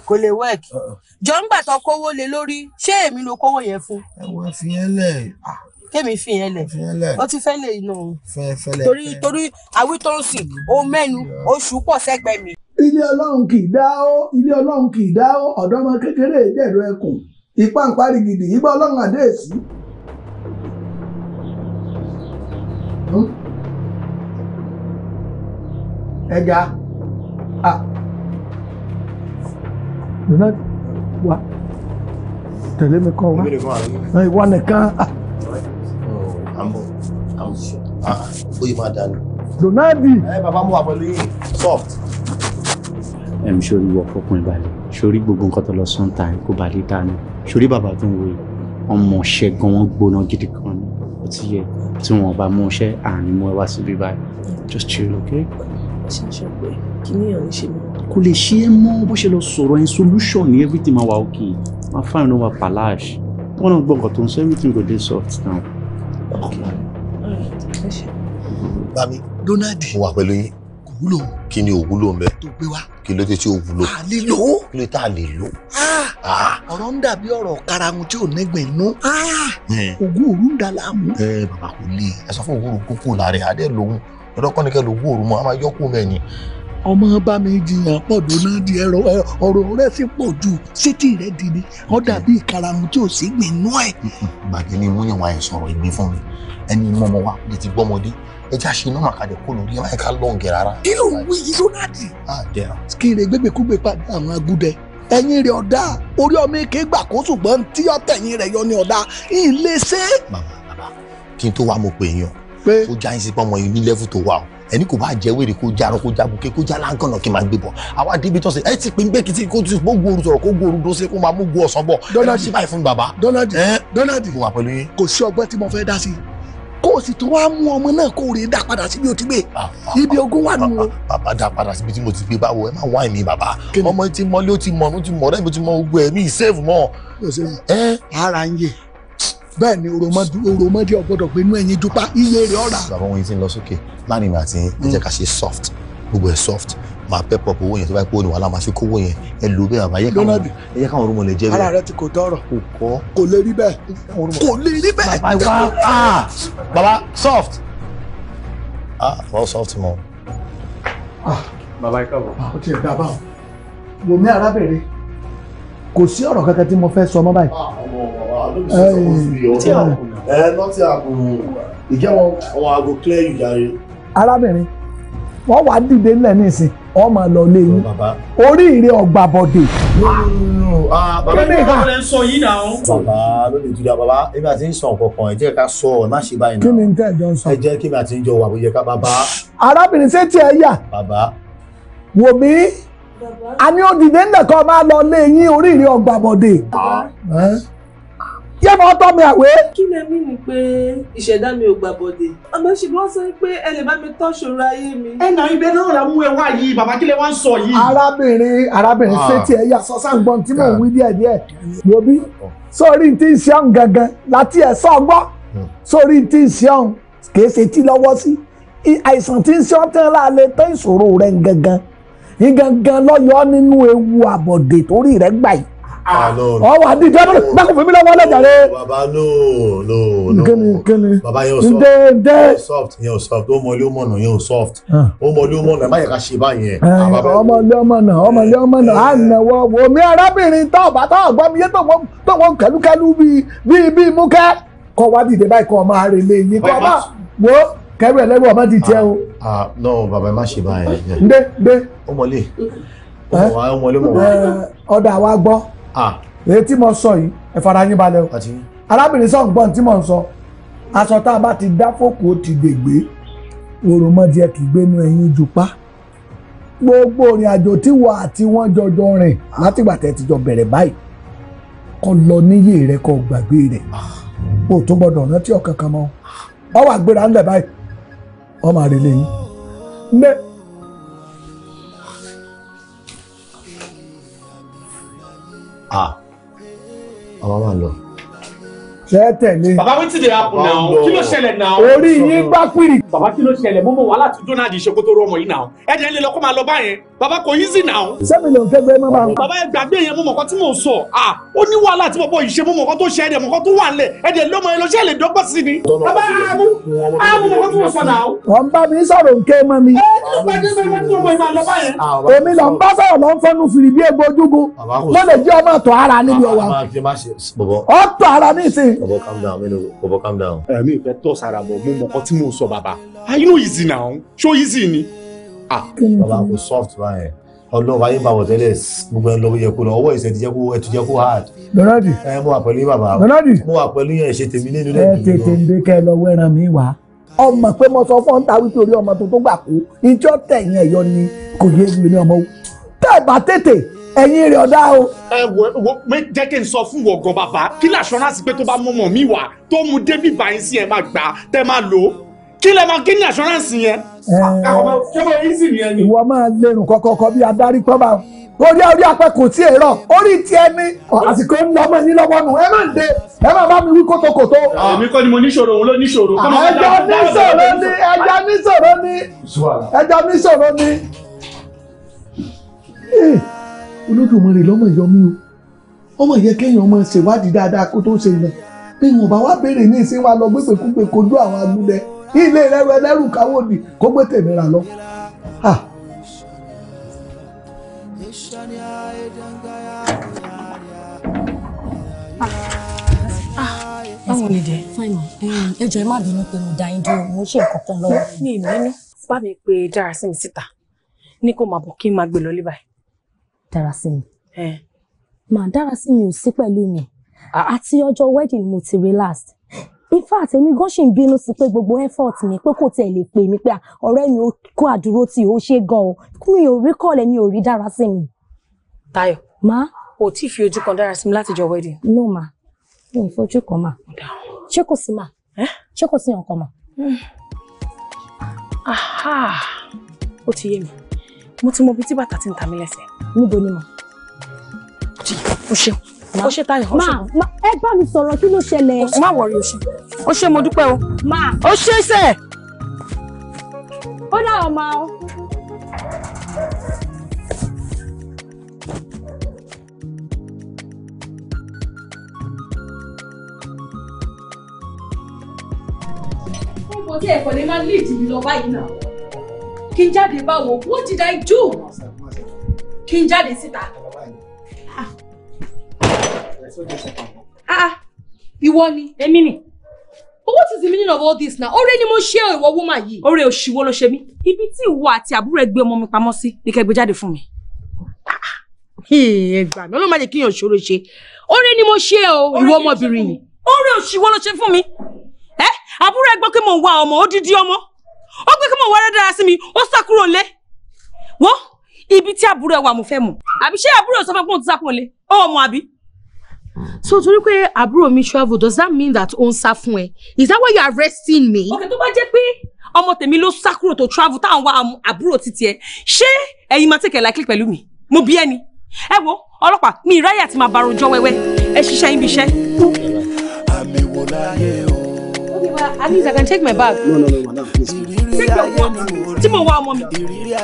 kò lè work. Uh-uh. jọ ń gbà tó kówó lé lórí ṣé èmi ló kówó yẹn fún. ẹ wá fi yẹn lẹ ah kémi fi yẹn lẹ ó ti fẹ́ lè nà òun torí torí àwítọ́nsì O mẹ́nu oṣù pọ̀ sẹ́gbẹ́ mi. ilé ọlọ́run kì í dá ó ilé ọlọ́run kì í dá ó ọ̀dọ́mọ kékeré ìdẹ̀rọ ẹkùn ipá ń parí gidi ìgbà ọlọ́run àdé èsì. ẹja ah wa tẹ̀lé mi kọ́ wa ìwọ nìkan ah. I'm mm. I'm sure. Ah, Oye máa dànù. Donadi. Ẹ bàbá mú wa pẹ̀lú yìí. Soft. Ẹ mi sori wọ fọkùnrin balẹ̀. Sori gbogbo nǹkan tó lọ sún ta kó ba lè dànù. Sori bàbá tó ń wo yìí. Ọmọ ọ̀ṣẹ́ gan wọn gbóná gidi kan ni. Ó ti yẹ tí wọn bá mú ọṣẹ́ àní mú ẹ wá síbí báyìí. Just chill, okay? Ṣé ṣe pé kí ni ìyọ̀ ń ṣe mí? Kò lè ṣe é mọ́ bó ṣe lọ sọ̀rọ̀ ẹ̀ solution ní everything máa wà okay. Máa fáwọn ọmọ palace. Wọ́n náà gbọ́ nǹkan tó ń sọ everything go dey soft now bami donald mo wà pẹ̀lú yín kò wúlò kí ni òwúlò ń bẹ tó gbé wa kí ló dé tí òwúlò a lè lò kí ló tá a lè lò ah! Ah! ọ̀rọ̀ ń dàbí ọ̀rọ̀ karahun tí ò nẹ́gbẹ̀ẹ́ nú ogún ah! òru ń da láàmú. ẹ bàbá kò lè ẹ sọ fún òwúrò kókó lára ẹ adé lòun lọ́dọ́kọ́ ni kẹ́ lòun òru mọ́ a máa yọ́kù mẹ́ni ọmọ bá mi jiyàn pọ̀ dóná di ẹ̀rọ ọ̀rọ̀ rẹ sì pọ̀ ju sétí rẹ di ni wọ́n dàbí ìkarahun tí ò sí gbìnú ẹ̀. bàjẹ́ ni mo yàn wá ẹ̀ sọ̀rọ̀ ìgbín fún mi ẹni mọ́ ọmọ wa lè ti gbọ́mọdé ẹ já ṣe iná màkàdé kó lórí ẹ má yẹ ká lọ́ǹgẹ̀ rárá. kí ló wí yíyónádì. Ah, kí n lè gbégbékúgbé padà àwọn agúdẹ ẹ̀yin rẹ ọdá orí ọmọ èké gbà kó ṣùgbọ́n tí ọtẹ̀yìn rẹ yọ ní ọdá ilé pé ó já yín sí pọ́nmọ yìí ní level tó wà o ẹni kò bá jẹ́ wèrè kó já arán kó já buké kó já láǹkànnà kí n máa gbé bọ̀ àwa débi tó ń sè ẹ ti pè ń gbé kìtì kó tún mú gbòòrò sọ̀rọ̀ kó gbòòrò dó sí kó máa mú gbòòrò ọ̀sán bọ̀ donald ṣì báyìí fún bàbá. donald donald mo wà pẹ̀lú yín. kò sí ọgbẹ́ tí mo fẹ́ dá sí kó o sì tún wá mú ọmọ náà kó o rè é dá padà síbi o ti gbé ibi ogún wà nù ah, o. Ah, ah, bàbá dá padà síbi tí mo ti gbé báwo ẹ má wá ẹ̀mí bàbá ọmọ ti mọ́lé ó ti mọ̀ ọ́n ó ti mọ̀ ọ́n ó ti mọ̀ gbogbo ẹ̀mí ìsẹ́ẹ̀fù mọ́. ara ń yè bẹ́ẹ̀ ni òròmọdé ọ̀gbọ́dọ̀ gbénú ẹ̀yìn jupa iye rẹ̀ ọ̀rà. bàbá wọn yìí ti ń lọ sókè láàrin àti ẹ jẹ́ ká ṣe soft gbogbo ẹ̀ soft máa pẹ́ pọ̀ owó yẹn tó bá pé òní wàhálà máa fi kówó yẹn ẹ lò bẹ́ẹ̀ bàbá yẹ káwọn ẹ yẹ káwọn orúmọ lè jẹ́ bẹ́ẹ̀. ara rẹ ti kò tọrọ kò kọ́ kò lè rí bẹ́ẹ̀ kò lè rí bẹ́ẹ̀. bàbá wa ah bàbá soft ah wọ́n soft mọ́. Ah. bàbá ikọ̀ bọ̀. Ah, ó ti ẹ̀ dábàá wò mí arábìnrin kò sí ọ̀rọ̀ kankan tí mo fẹ́ sọ mọ́ báyìí. Ah, no be say suppose be nothing happen eh clear you jare. arábìnrin wọ́n wá dìde ńlẹ̀ nísìn wọ́n máa lọ lé yín orí ìrẹ́ ọgbà bọ̀dẹ̀. Ah, bàbá ìgbà wọn lè sọ yìí náà. bàbá ló lè dúdà bàbá ebi àti ń sàn kankan ẹ jẹ́ ká sọ ọ má ṣe báyìí náà. kí ni n tẹ́ jọ sọ. ẹ jẹ́ kí mi àti ń jọ wà bóyá ká bàbá. arábìnrin ṣé tiẹ̀ yà. bàbá. wò mí a ní òdìdé ńlẹ̀ máa lọ lé yín orí ìrẹ́ ọgbà bọ̀dẹ̀. Ah yé máa tọ́ mi àwé. kí lẹ mí ni pé ìṣẹ̀dá mi ò gbà bọ̀dẹ̀ àmọ́ ṣe wọ́n sọ pé ẹ lè bá mi tọ́ ṣòro ayé mi. ẹ nà ibẹ̀ náà la mú ẹ wá yìí bàbá kí lẹ wá ń sọ yìí. arábìnrin arábìnrin sétí ah. ẹ yà sọ sáǹgbọ́n tí mò ń wí díẹ̀ díẹ̀ wòbí sórí ti ń ṣe ọ̀hún gangan láti ẹ̀ sọ ọgbọ́ hmm. sórí ti ń ṣe ọ̀hún kì í ṣe tí lọ́wọ́ sí àìsàn tí ń ṣe ọ̀hún tán láàlẹ́ tán ìṣòro rẹ̀ gangan ní gangan lọ́yọ̀ọ́ nínú ewu àbọ̀dè torí rẹ̀ gbà yìí ọ wà ní ìjọba náà kò fún mi lọ́wọ́ lẹ́jà rẹ. baba no no no kíni kíni baba yẹn o soft ǹdẹ ǹdẹ soft yẹn o soft ọmọ ilé ọmọ náà yẹn o soft ọmọ ah. ilé ọmọ náà má yẹ ká ṣe báyẹn. Eh, ọmọ ilé ọmọ náà ọmọ ilé ọmọ náà á nà wọ wò mí arábìnrin tó ọba tó ọgbọ́n mi yé tó wọ́n kẹlúkẹlú bíi bíi mú kẹ́ kọ́ wá dìde báyìí kọ́ ọ máa rè lé yín kọ́ ọ máa wò ó kẹrù ẹ lẹ́rù ọba ti tiẹ́ ah, o. Ah, no bàbá ẹ má ṣe báyẹn. ǹdẹ ǹdẹ ọmọlé ọmọlé eh. ọmọlé. Eh, ọ̀dà wa gbọ́ èyí tí mo sọ yìí ẹ fara yín balẹ̀ o arábìnrin sọ̀hún gbọ́n tí mo ń sọ aṣọ tá a bá ti dá fòkó ti dègbé òròmọdìẹ kì í gbénu ẹyin jùpá gbogbo ìrìn àjò tí wà àti wọn jọjọ rìn látìgbà tẹ́ ti jọ bẹ̀rẹ̀ báyìí kó lọ níyè rẹ kó gbàgbé rẹ o tó gbọ́dọ̀ rántí ọ̀kankan mọ́ ọ wà gbéra ńlẹ̀ báyìí ọ máa relé yín. ah ọmọ máa lọ ṣe tẹ̀lé. bàbá wí ti dey happen now kí ló ṣẹlẹ̀ now. orí yín gbá pìrì. bàbá kí ló ṣẹlẹ̀ mo mọ̀ wàhálà tí donald ṣe kó tó rọ ọmọ yìí now ẹ jẹ́ lè lọ kó máa lọ báyẹn bàbá kò yí sí now. sẹ́mi ló ń fẹ́ gbé mọ́ bá. bàbá ẹ gbàgbé yẹn mo mọ̀ kọ́ tí mò ń sọ à ó ní wàhálà tí bọ̀bọ̀ yìí ṣe mo mọ̀ kọ́ tó ṣe ẹ̀dẹ̀ mọ̀ kọ́ tó wà ńlẹ̀ ẹ̀dẹ̀ lọ́mọ yẹn lọ ṣe lè dọ́gbọ́ sí ni. bàbá àmú àmú mọ̀ kọ́ tí mo sọ now. wọ́n bá mi sọ̀rọ̀ nké mọ́ mi. ẹ ní ìpàdé sọ ìwọ́n tí mo mọ̀ ìmọ̀ àlọ́ báyẹn. Ah, èmi lọ ń bá sọ̀rọ̀ lọ́ ń fọ́nú fìrì bí Baba calm down, mẹ́nu Baba calm down. Ẹ̀mí eh, ìfẹ́ tọ̀ sára bọ̀ mo mọ̀kọ́ tí mo sọ bàbá. I know easy now, ṣó easy ni. Ah. Bàbá kò soft báyẹn. Ọlọ́run ayé bàbọ̀ tẹ́lẹ̀ gbogbo ẹni lọ́wọ́ yẹ kó lọ, ọwọ́ ìṣẹ́ ti jẹ́ kó ẹtù jẹ́ kó hard. Dọ́ládì. Ẹ eh, mo wà pẹ̀lú bàbá. Dọ́ládì. Mo wà pẹ̀lú yẹn ṣe tèmi nínú lẹ́yìn. Ẹ tètè ń dé kẹ́ ẹ lọ wẹ́ran mi wá. Ọmọ pé mo sọ fún ọ́ntà wípé orí ọmọ tó gbà kú, ìjọ tẹ̀yìn ẹ̀yọ ni kò yé mi ní ọmọ. Tẹ́ ẹ bá tètè ẹ̀yin rẹ̀ ọ̀dá o. ẹ wọ wọ jẹ́ kí n sọ fún wọ̀gàn bàbá kí l'assurance pé tó bá mọ̀mọ́ mi wà tó mu débi báyìí sí ẹ máa gbà tẹ́ máa lò ó kí lẹ máa kí ní assurance yẹn. ìwọ máa lérùn kọkọkọ bí adarí tọ́ bá orí orí apẹ kò tí ì rọ orí tí ẹ ní àsìkò ń lọ ọmọ yín lọ́wọ́ nù ẹ má dé ẹ má bá mi wí kótókótó. èmi kọ́ ni mo níṣòro òun ló níṣòro. ẹjọ́ níṣòro ni ẹjọ́ níṣòro ni ẹjọ́ níṣòro ni olódùmarè lọ́mọ yọmí o ọmọ yẹ kéèyàn máa ṣèwádìí dáadáa kó tó ṣe ilẹ̀ bí wọn bá wá béèrè ní ìsìn wa lọ gbégbèkúgbè kojú àwọn agúnlẹ̀ ilé ìrẹ́rù ẹlẹ́rù káwọ́ ni kó gbé tèmíra lọ. Ah, ah, báwo ni dẹ ẹ jọ̀ọ́ ẹ má bínú pé mo dá yín dúró mo ṣe nǹkan kan lọ́wọ́. ní ìbínú bá mi pe dára sí mi síta ní kó máa bọ̀ kí n máa gbé lọ lé báyìí dára sí mi màá dára sí mi ò sí pẹ̀lú mi ah. àti ọjọ́ wedding mo ti relax in fact èmi gan ṣì ń bínú sí pé gbogbo effort mi pé kò tiẹ̀ lè pè mí pé ah, ọ̀rẹ́ mi ó kó àdúró tí ó ṣe gan o mi ò rí kọ́ọ̀lẹ̀ mi ò rí dára sí mi. Táyọ̀ ma ò tí ì fi ojú kan dára sí mi látijọ́ wedding. no ma mi ò fojú kan ma ṣé kò sí ma ṣé kò sí ọkàn ma. ó ti yé mi mo ti mọ ibi tí bàtà ti ń ta mí lẹ́sẹ̀ níbo ni mà. o ṣeun o ṣe Táyọ̀ ma. ṣe. ma ẹ bá mi sọ̀rọ̀ kí ló ṣẹlẹ̀. má wọrí o ṣe o ṣe mo dúpẹ́ o. ma o ṣe sẹ́. ó dá ọmọ o. kò tí ẹ̀kọ́ lè máa lead mi lọ báyìí náà kí n jáde báwo what did I do? kí n jáde síta. Ah. Ah, ah. ìwọ ni. èmi ni. But what is the meaning of all this now? Ọ̀rẹ́ ni mo ṣe ìwọ woman yìí. Ọ̀rẹ́ òṣìwọ́ ló ṣe mí. Ibi tí ìwọ àti àbúrò ẹ gbé ọmọ mi pamọ́ sí ni kẹ́ gbé jáde fún mi. Ẹ gbà mí, ọlọ́run má jẹ́ kíyàn ṣòro ṣe. Ọ̀rẹ́ ni mo ṣe o, ìwọ ọmọbìnrin yìí. Ọ̀rẹ́ òṣìwọ́ ló ṣe fún mi. Ẹ àbúrò ẹ gbọ́ pé mò ń wá ọmọ, ó dídí ọmọ. Ó gbé pé mò wá rẹ́ dára sí mi, ó sá kúrò lé. Wọ́n ibi tí àbúrò ẹ wà mo fẹ́ mọ̀ àbí ṣé àbúrò sọ fún mi pé òun ti sá fún mọ àbí. so torí pé àbúrò mi travel does that mean that ó ń sá fún ẹ is that why you are arresting me. òkè tó bá jẹ́ pé ọmọ tèmi ló sá kúrò tó travel táwọn wá àbúrò títí ẹ ṣé ẹ̀yin máa tẹ̀kẹ̀ láìkí pẹ̀lú mi mo bí ẹni ẹ wo ọlọ́pàá mi ìráyà ti máa bá rojọ́ wẹ́wẹ́ ẹ ṣiṣẹ́ yín bí àmì wò láyé o. At least I can take my bag. No, no, no, madam, please. Take your wallet. Tí mo wá ọmọ eh?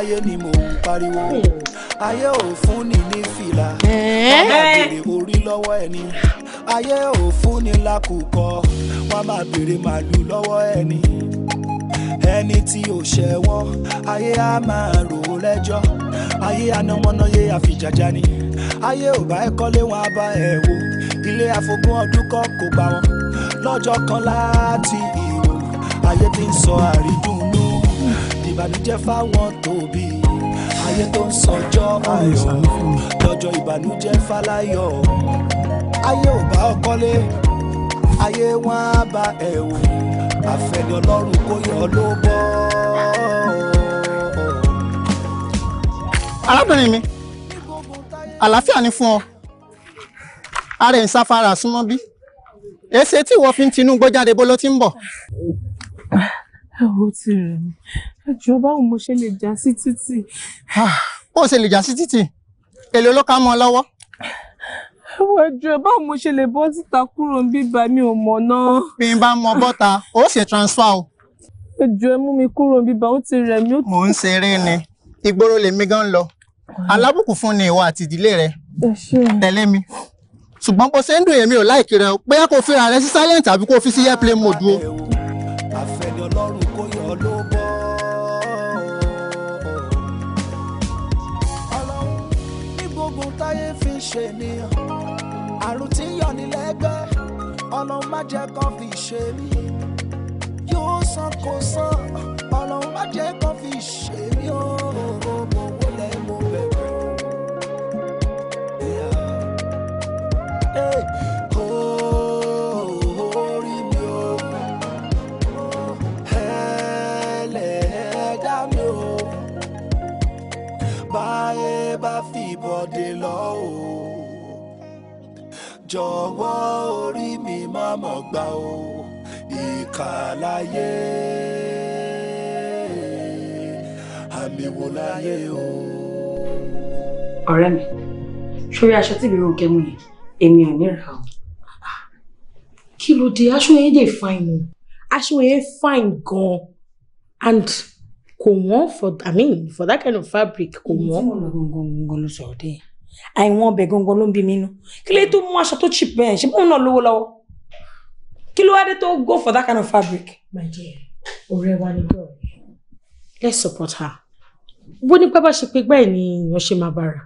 ayé ò bá ẹ kọ́lé wọn á bá ẹ wò. Ilé àfogún ọdún kọ́ kò gbà wọn lọ́jọ́ kan láti ìwò ayé tí ń sọ àrídùnnú ìbànújẹ́ fáwọn tóbi ayé tó ń sọjọ́ ayọ̀ lọ́jọ́ ìbànújẹ́ fáláyọ̀ ayé ò bá ọkọ́lé ayé wọn á bá ẹ̀ àfẹ̀dẹ̀ ọlọ́run kò yọ ló bọ́. arábìnrin mi àlàáfíà ni fún ọ ara ẹ̀ ń sáfara súnmọ́ bí èsè tí wọ́n fi ń tinú gbọ́ bó ló ti ń bọ̀. ẹ̀wọ̀ ti rẹ̀ mí ẹ̀jọ̀ báwo mo ṣe lè já sí títì. Ah, bó o ṣe lè já sí títì èlò ló ká mọ́ ọ lọ́wọ́. ẹ̀wọ̀ ẹ̀jọ̀ báwo mo ṣe lè bọ́ síta kúrò ń bíbá mi ò mọ̀ náà. bí n bá mọ bọ́ta ó ṣe transfer o. ẹ̀jọ̀ ẹ mú mi kúrò bíbá ó ti rẹ̀ mí. mò ń ṣeré ni ìgboro lèmi gan lọ alábùkún fún ni ìwọ àti ìdílé rẹ tẹ̀lé mi ṣùgbọ́n bó ṣe ń dùn èmi ò láìkí rẹ o bóyá kò fira rẹ sí silent tàbí kò fi sí airplane mode o. àrùn tí yọ ní lẹ́gbẹ́ ọlọ́run má jẹ́ kó fi ṣe mí yóò san kó san ọlọ́run má jẹ́ kó fi ṣe mí o. jọ̀wọ́ orí mi má mọ̀ gbà o ìkàláyé àmì wò láyé o. ọ̀rẹ́ mi ṣórí aṣọ tí mi rò kẹ́mu yìí èmi ò ní ra o. kí ló dé aṣọ yẹn dé fine o aṣọ yẹn fine gan and kò wọ́n for i mean for that kind of fabric kò wọ́n. ìyẹn tí mo lọ gbọ̀ngbọ̀ngbọ̀n ló sọ̀rọ̀ dé àìwọ̀n ọbẹ̀ gangan ló ń bí mi nú kí ló tó mú aṣọ tó cheap bẹ́ẹ̀ ṣe bóun náà lówó lọ́wọ́ kí ló wá dé tó go for that kind of fabric. my dear ọ̀rẹ́ wa ni girl let's support her bó ní pẹ́ ṣe pé gbẹ́ẹ̀ ni èèyàn ṣe máa bára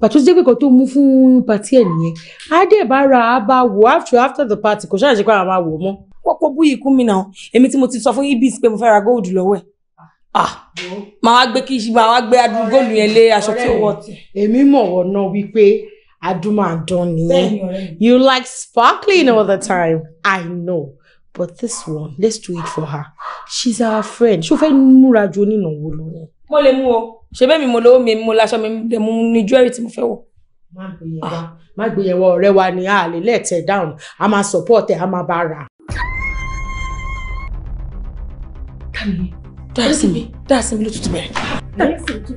pàtó jẹ́ pé kò tó mú fún pàtí ẹ̀ nìyẹn adébára àbá wò after after the party kò ṣáà ṣe pé àwọn àwò mọ́. pọ́pọ́ bú ikú mi náà èmi tí mo ti sọ fún ibis pé mo fẹ́ ra góòdù lọ́wọ́ ẹ̀ máa wá gbé kí máa wá gbé adúrú góòlù yẹn lé aṣọ tí ó wọ̀ tẹ̀. èmi mọ̀ wọ́n náà wípé adúmọ̀dán nìyẹn you like sparkling all the time i know but this one let's do it for her she's our friend ṣó fẹ́ múra ju onínàwó lọ. mo lè mú o se bẹ́ẹ̀ mi mo lówó mi mo láṣọ mi dẹ̀ mo ní jewelry tí mo fẹ́ wọ̀. má gbìyànjú ọ̀rẹ́ wa ni a lè lẹ́ẹ̀tẹ̀ dáhùn a máa support ẹ̀ a máa bá ra. dáàsì me dáàsì mi ló tún me bẹ̀rẹ̀.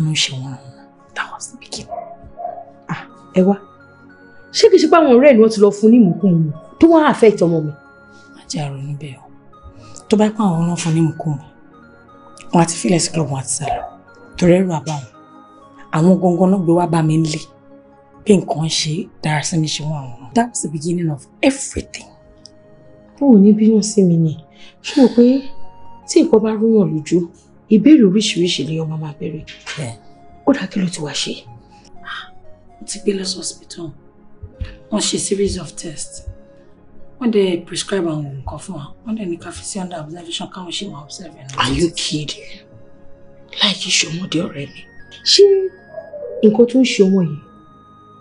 ń ṣe wọn that was the beginning. ah ẹ wá ṣé kìí ṣe pé àwọn ọ̀rẹ́ ẹ̀ ni wọ́n ti lọ fún ní ìmùkúmu tó wọ́n affect ọmọ mi. má jẹ́ àrùn níbẹ̀ o tó bá pàwọn ọ̀rọ̀ fún ní ìmùkúmu wọn àti fílẹ̀ sí club àti sálọ torí ẹrù àbáwọn àwọn gangan náà gbé wá bá mi nílé pé nǹkan ṣe dára sí mi ṣe wọn àwọn. that was the beginning of everything. bó o ní bínú sí mi ni ṣé o pé tí nǹkan bá rúyàn lójú ìbéèrè oríṣiríṣi lèyàn máa máa béèrè kódà kí ló ti wá ṣe. Ah, mo ti gbé lọ sí hospital wọ́n ṣe series of tests wọ́n dẹ̀ prescribe àwọn oògùn kan fún wa wọ́n dẹ̀ ní ká fi sí under observation káwọn ṣe máa observe are you kidding láìkí ṣọmọdé ọ̀rẹ́ mi ṣé nǹkan tó ń ṣe ọmọ yìí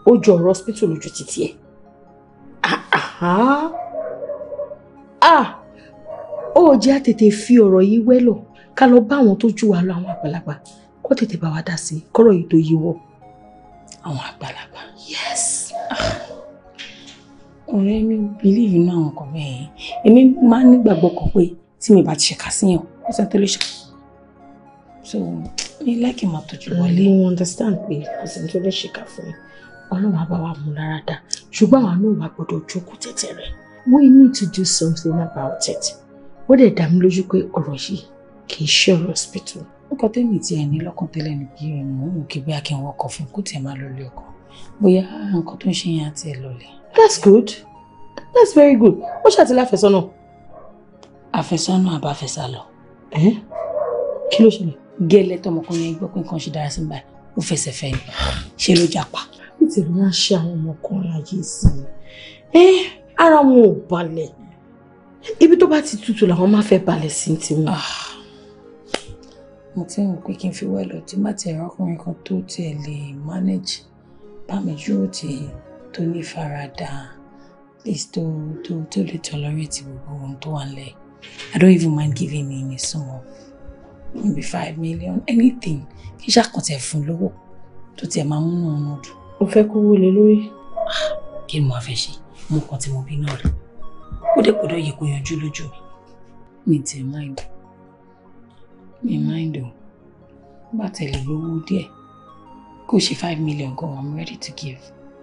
ó jọ ọ̀rọ̀ hospital lójú títí ẹ̀ ah ah ó jẹ́ àtètè fi ọ̀rọ̀ yìí wẹ́lọ̀ ká lọ bá àwọn tó jù wá lọ àwọn àgbàlagbà kó tètè bá wa dá sí i kọ́rọ̀ yìí tó yíwọ́. àwọn àgbàlagbà. yes. Ah. ọ̀rẹ́ mi believe inú àwọn ọkọ bẹ́ẹ̀ yẹn èmi máa ń nígbàgbọ́ kan pé tí mi bá ti ṣèkà síyàn ó sọ tẹ́lẹ̀ ṣe. so mi láìkí máa tọ́jú wọlé. mo understand pé kò sí ní tó ṣèkà fún mi ọlọ́run á bá wa mú lára dá ṣùgbọ́n àwọn náà wà gbọ́dọ̀ jókòó tẹ̀tẹ̀ rẹ̀ we need to do something about it ó dẹ̀ dá mi lójú pé ọ̀rọ̀ yìí kì í ṣòro hospital. nǹkan tẹ́mi tí ẹ̀ ní lọ́kàn tẹ́lẹ̀ ní kí ẹ̀ mú kí bí akin wọkọ̀ fún kó tiẹ̀ máa lọlé ọkọ̀ bóyá nǹkan tó ń ṣe yẹn àti ẹ̀ lọlẹ̀. that's good that's very good ó ṣàtìlẹ́ àfẹ́sọ́nà. àfẹ́sọ́nà àbáfẹ́sà lọ. ẹ kí ló ṣẹlẹ̀. gẹ́lẹ́ tọmọkùnrin yẹn gbọ́ pé nǹkan ṣe dára sí báyìí ó fẹsẹ̀ fẹ́ ni ṣe ló japa. nítorí wọn á ṣe àwọn ọmọkùnrin ayé sí i ara wọn ò balẹ̀ ibi tó bá ti tutù làwọn máa fẹ́ balẹ̀ sí tiwọn. Ah mo ti ń pé kí n fi wẹ́ lọ tí má ti ẹ̀rọ ọkùnrin kan tó tiẹ̀ lè manage bá mi dúró tì í tó ní farada tó tó tó lè tolerate gbogbo ohun tó wà lẹ̀ I don't even mind giving him a sum maybe five million anything kí ṣàkàntẹ̀ fún lówó tó tiẹ̀ máa múnú ọ̀nà dùn. o fẹ́ kó wọlé lórí. Ah, kí ni mo fẹ́ ṣe mo kàn tí mo bí náà rẹ̀ ó dẹ̀ gbọ́dọ̀ yẹ kó yanjú lójú mi mi ti máa mi mind o bá tẹ̀lé lówó díẹ̀ kó ṣe five million go i'm ready to give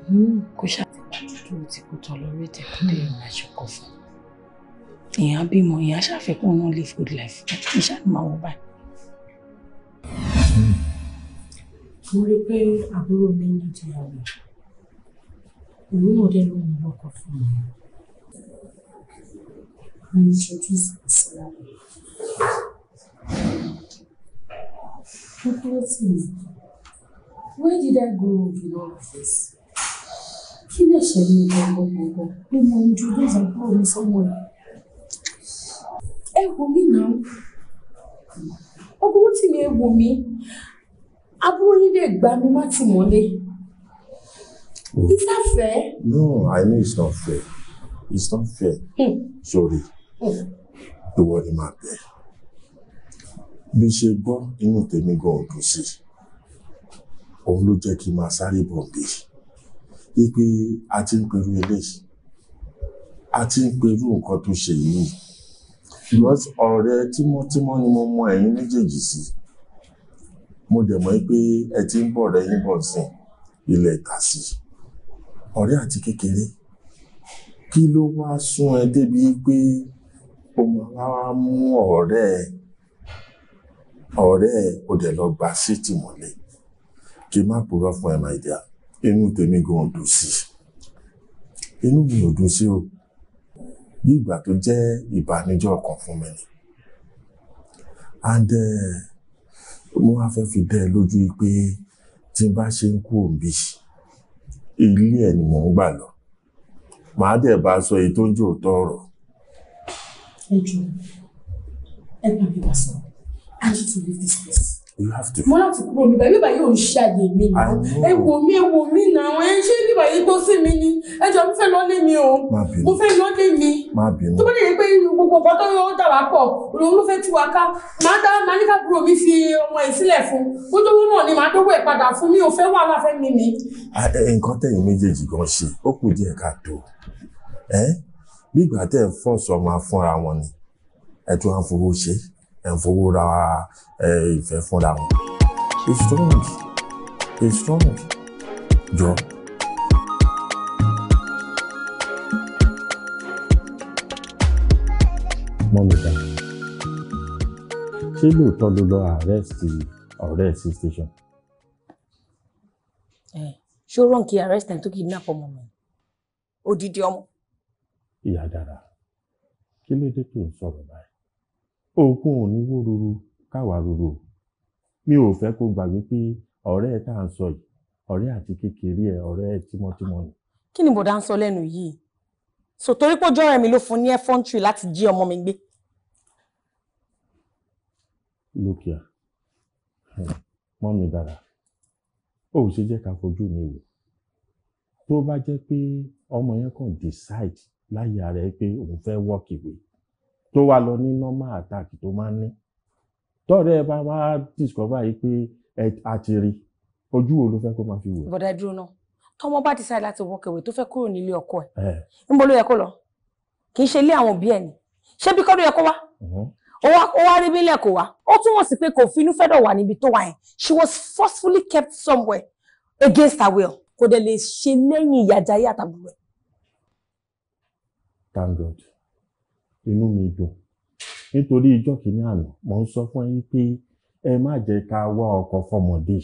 hmm. kó ṣàtìpàtìkú tí kò tán lórí ìtẹ̀kùn dé ìrìn hmm. àjò kan fún èèyàn bímọ èèyàn ṣàfẹ́kùn náà live good life ìṣàánú máa wọ báyìí. Hmm. mo rí i pé àbúrò mi ń dìde àwẹ̀ òun náà dé lóun lọ́kọ̀ fún mi mo ń ṣojú sí ìsìlámù. Property. Where did I go with all of this? Kí lè ṣẹlẹ̀ gbọ̀ngbọ̀ngbọ̀ pé mo introduce àbúrò mi somewhere? Ẹ wò mí náà. Ọkùnrin tí mi ẹ wò mí. Àbúrò yín dẹ̀ gbà mí má tì mọ́lé. Hmm. Is that fair? No, I know it's not fair. It's not fair. Hmm. Sorry. Hmm. The word in bí ṣe gbọ́ inú tèmi gan ò dùn sí òun ló jẹ́ kí n máa sáré bọ̀m̀bì wípé a ti ń perú eléyìí a ti ń perú nǹkan tó ṣe yìí because ọ̀rẹ́ tímọ́tímọ́ ni mo mọ ẹ̀yin méjèèjì sí mo dẹ̀ mọ̀ pé ẹ ti ń bọ̀ rẹ yín bọ̀ sí ilẹ̀ ìtàsí ọ̀rẹ́ àti kékeré kí ló wá sún ẹ débi pé o máa mú ọ̀rẹ́ ẹ ọ̀rẹ́ ẹ̀ ó dẹ̀ lọ gba sí tìmọ́lé kí n má purọ́ fún ẹ máa dà inú tèmi gan dùn sí inú mi ò dùn sí o bí ìgbà tó jẹ́ ìbànújẹ́ ọkàn fún mi ni and eh, mo wá fẹ́ fi dẹ́ ẹ lójú pé tí n bá ṣe ń kú òbí ilé ẹ̀ ni mò ń gbà lọ màá dẹ̀ bá a sọ èyí tó ń jò tọrọ. ẹ jù ẹ bá mi bá sọ̀rọ̀. I need to leave this place. You have to. Mo láti kúrò nígbà yìí báyìí ṣàyè mi nà. Ẹ wò mí ẹ wò mí nà àwọn ẹ ṣé nígbà yìí gbó sí mi ni. Ẹ jọ mo fẹ́ lọ mi o. Má bínú. Mo fẹ́ lọ lé mi. Má bínú. Tó bá lè rí pé gbogbo ọ̀pọ̀ tó yọ ó dà wá pọ̀, òun ló fẹ́ tú wa ká. Màá dá màá ní kábúrò mi fi ọmọ ẹ̀ sílẹ̀ fún. Bójúwó náà ni màá dówó ẹ̀ padà fún mi ò fẹ́ wà láfẹ́ mi mi. Nǹkan tẹ̀yìn méjèèjì gan ṣe, ó kù díẹ̀ ká tó. Bí ìgbà tẹ̀ ń fọ́ọ̀sì ọmọ afúnra wọn ni, ẹ̀ tún á fowó ṣe ẹ̀ ń fowó ra ìfẹ́ fúnra wọn. it's wrong it's wrong jọ. mọ́mídà ṣé lóòótọ́ ló lọ arrest ọ̀rẹ́ ẹ̀ sí station. ṣó rán kí arrest ẹ̀ tó kidnap ọmọ mi odidi ọmọ. ìyá dára kí ló dé tó ń sọ̀rọ̀ báyìí òkun ò ní wó ruru káwa ruru mi ò fẹ́ kó gbàgbé pé ọ̀rẹ́ tá à ń sọ yìí ọ̀rẹ́ àti kékeré ẹ̀ ọ̀rẹ́ tímọ́tímọ́ ni. kí ni bọ̀dá ń sọ lẹ́nu yìí sò torí pé ọjọ́ rẹ̀ mi ló fún ní ẹ̀fọ́ntì láti jí ọmọ mi gbé. lókìá hmm. mọ́ mi dára ó ṣe jẹ́ ká fojú mi wò tó bá jẹ́ pé ọmọ yẹn kàn decide láyé ara ẹ pé òun fẹ́ walk away tó wá lọ ní normal attack tó máa ń ní tọ́ọ̀dẹ́ bá wá discover yìí pé ẹ àti rí ojú wo ló fẹ́ kó máa fi wò. bọ̀dá dúró náà tọ́mọ bá decide láti walk away tó fẹ́ kúrò nílé ọkọ ẹ̀ níbo ló yẹ kó lọ kì í ṣe ilé àwọn òbí ẹ̀ ni ṣé bí kọ́dọ̀ yẹ kó wá ó wá rí bílẹ̀ kó wá ó túmọ̀ sí pé kò finú fẹ́dọ̀ wà níbi tó wà yẹn she was forcefully kept somewhere against her will kò dẹ̀ lè ṣe lẹ́yìn ìyájà ayé àtàbúrò thank god inú mi dùn nítorí ijọ́ kìíní àná mo ń sọ fún yín pé ẹ má jẹ́ ká wá ọkọ fọmọdé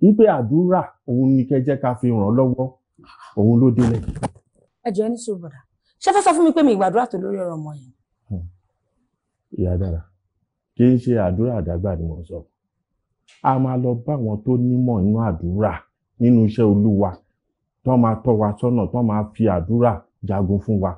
wípé àdúrà òun ni kẹ́ jẹ́ ká fi ràn lọ́wọ́ òun ló délẹ̀. ẹ jọ ẹni sùn bọ̀dà ṣé fẹ́ sọ fún mi pé mi ìgbàdúrà tó lórí ọ̀rọ̀ ọmọ yìí. Hmm. ìyá dára kì í ṣe àdúrà àdágbà ni mo sọ a máa lọ bá àwọn tó nímọ̀ nínú àdúrà nínú iṣẹ́ olúwa tó máa tọ́ wa sọ́nà tó máa fi àdúrà jagun fún wa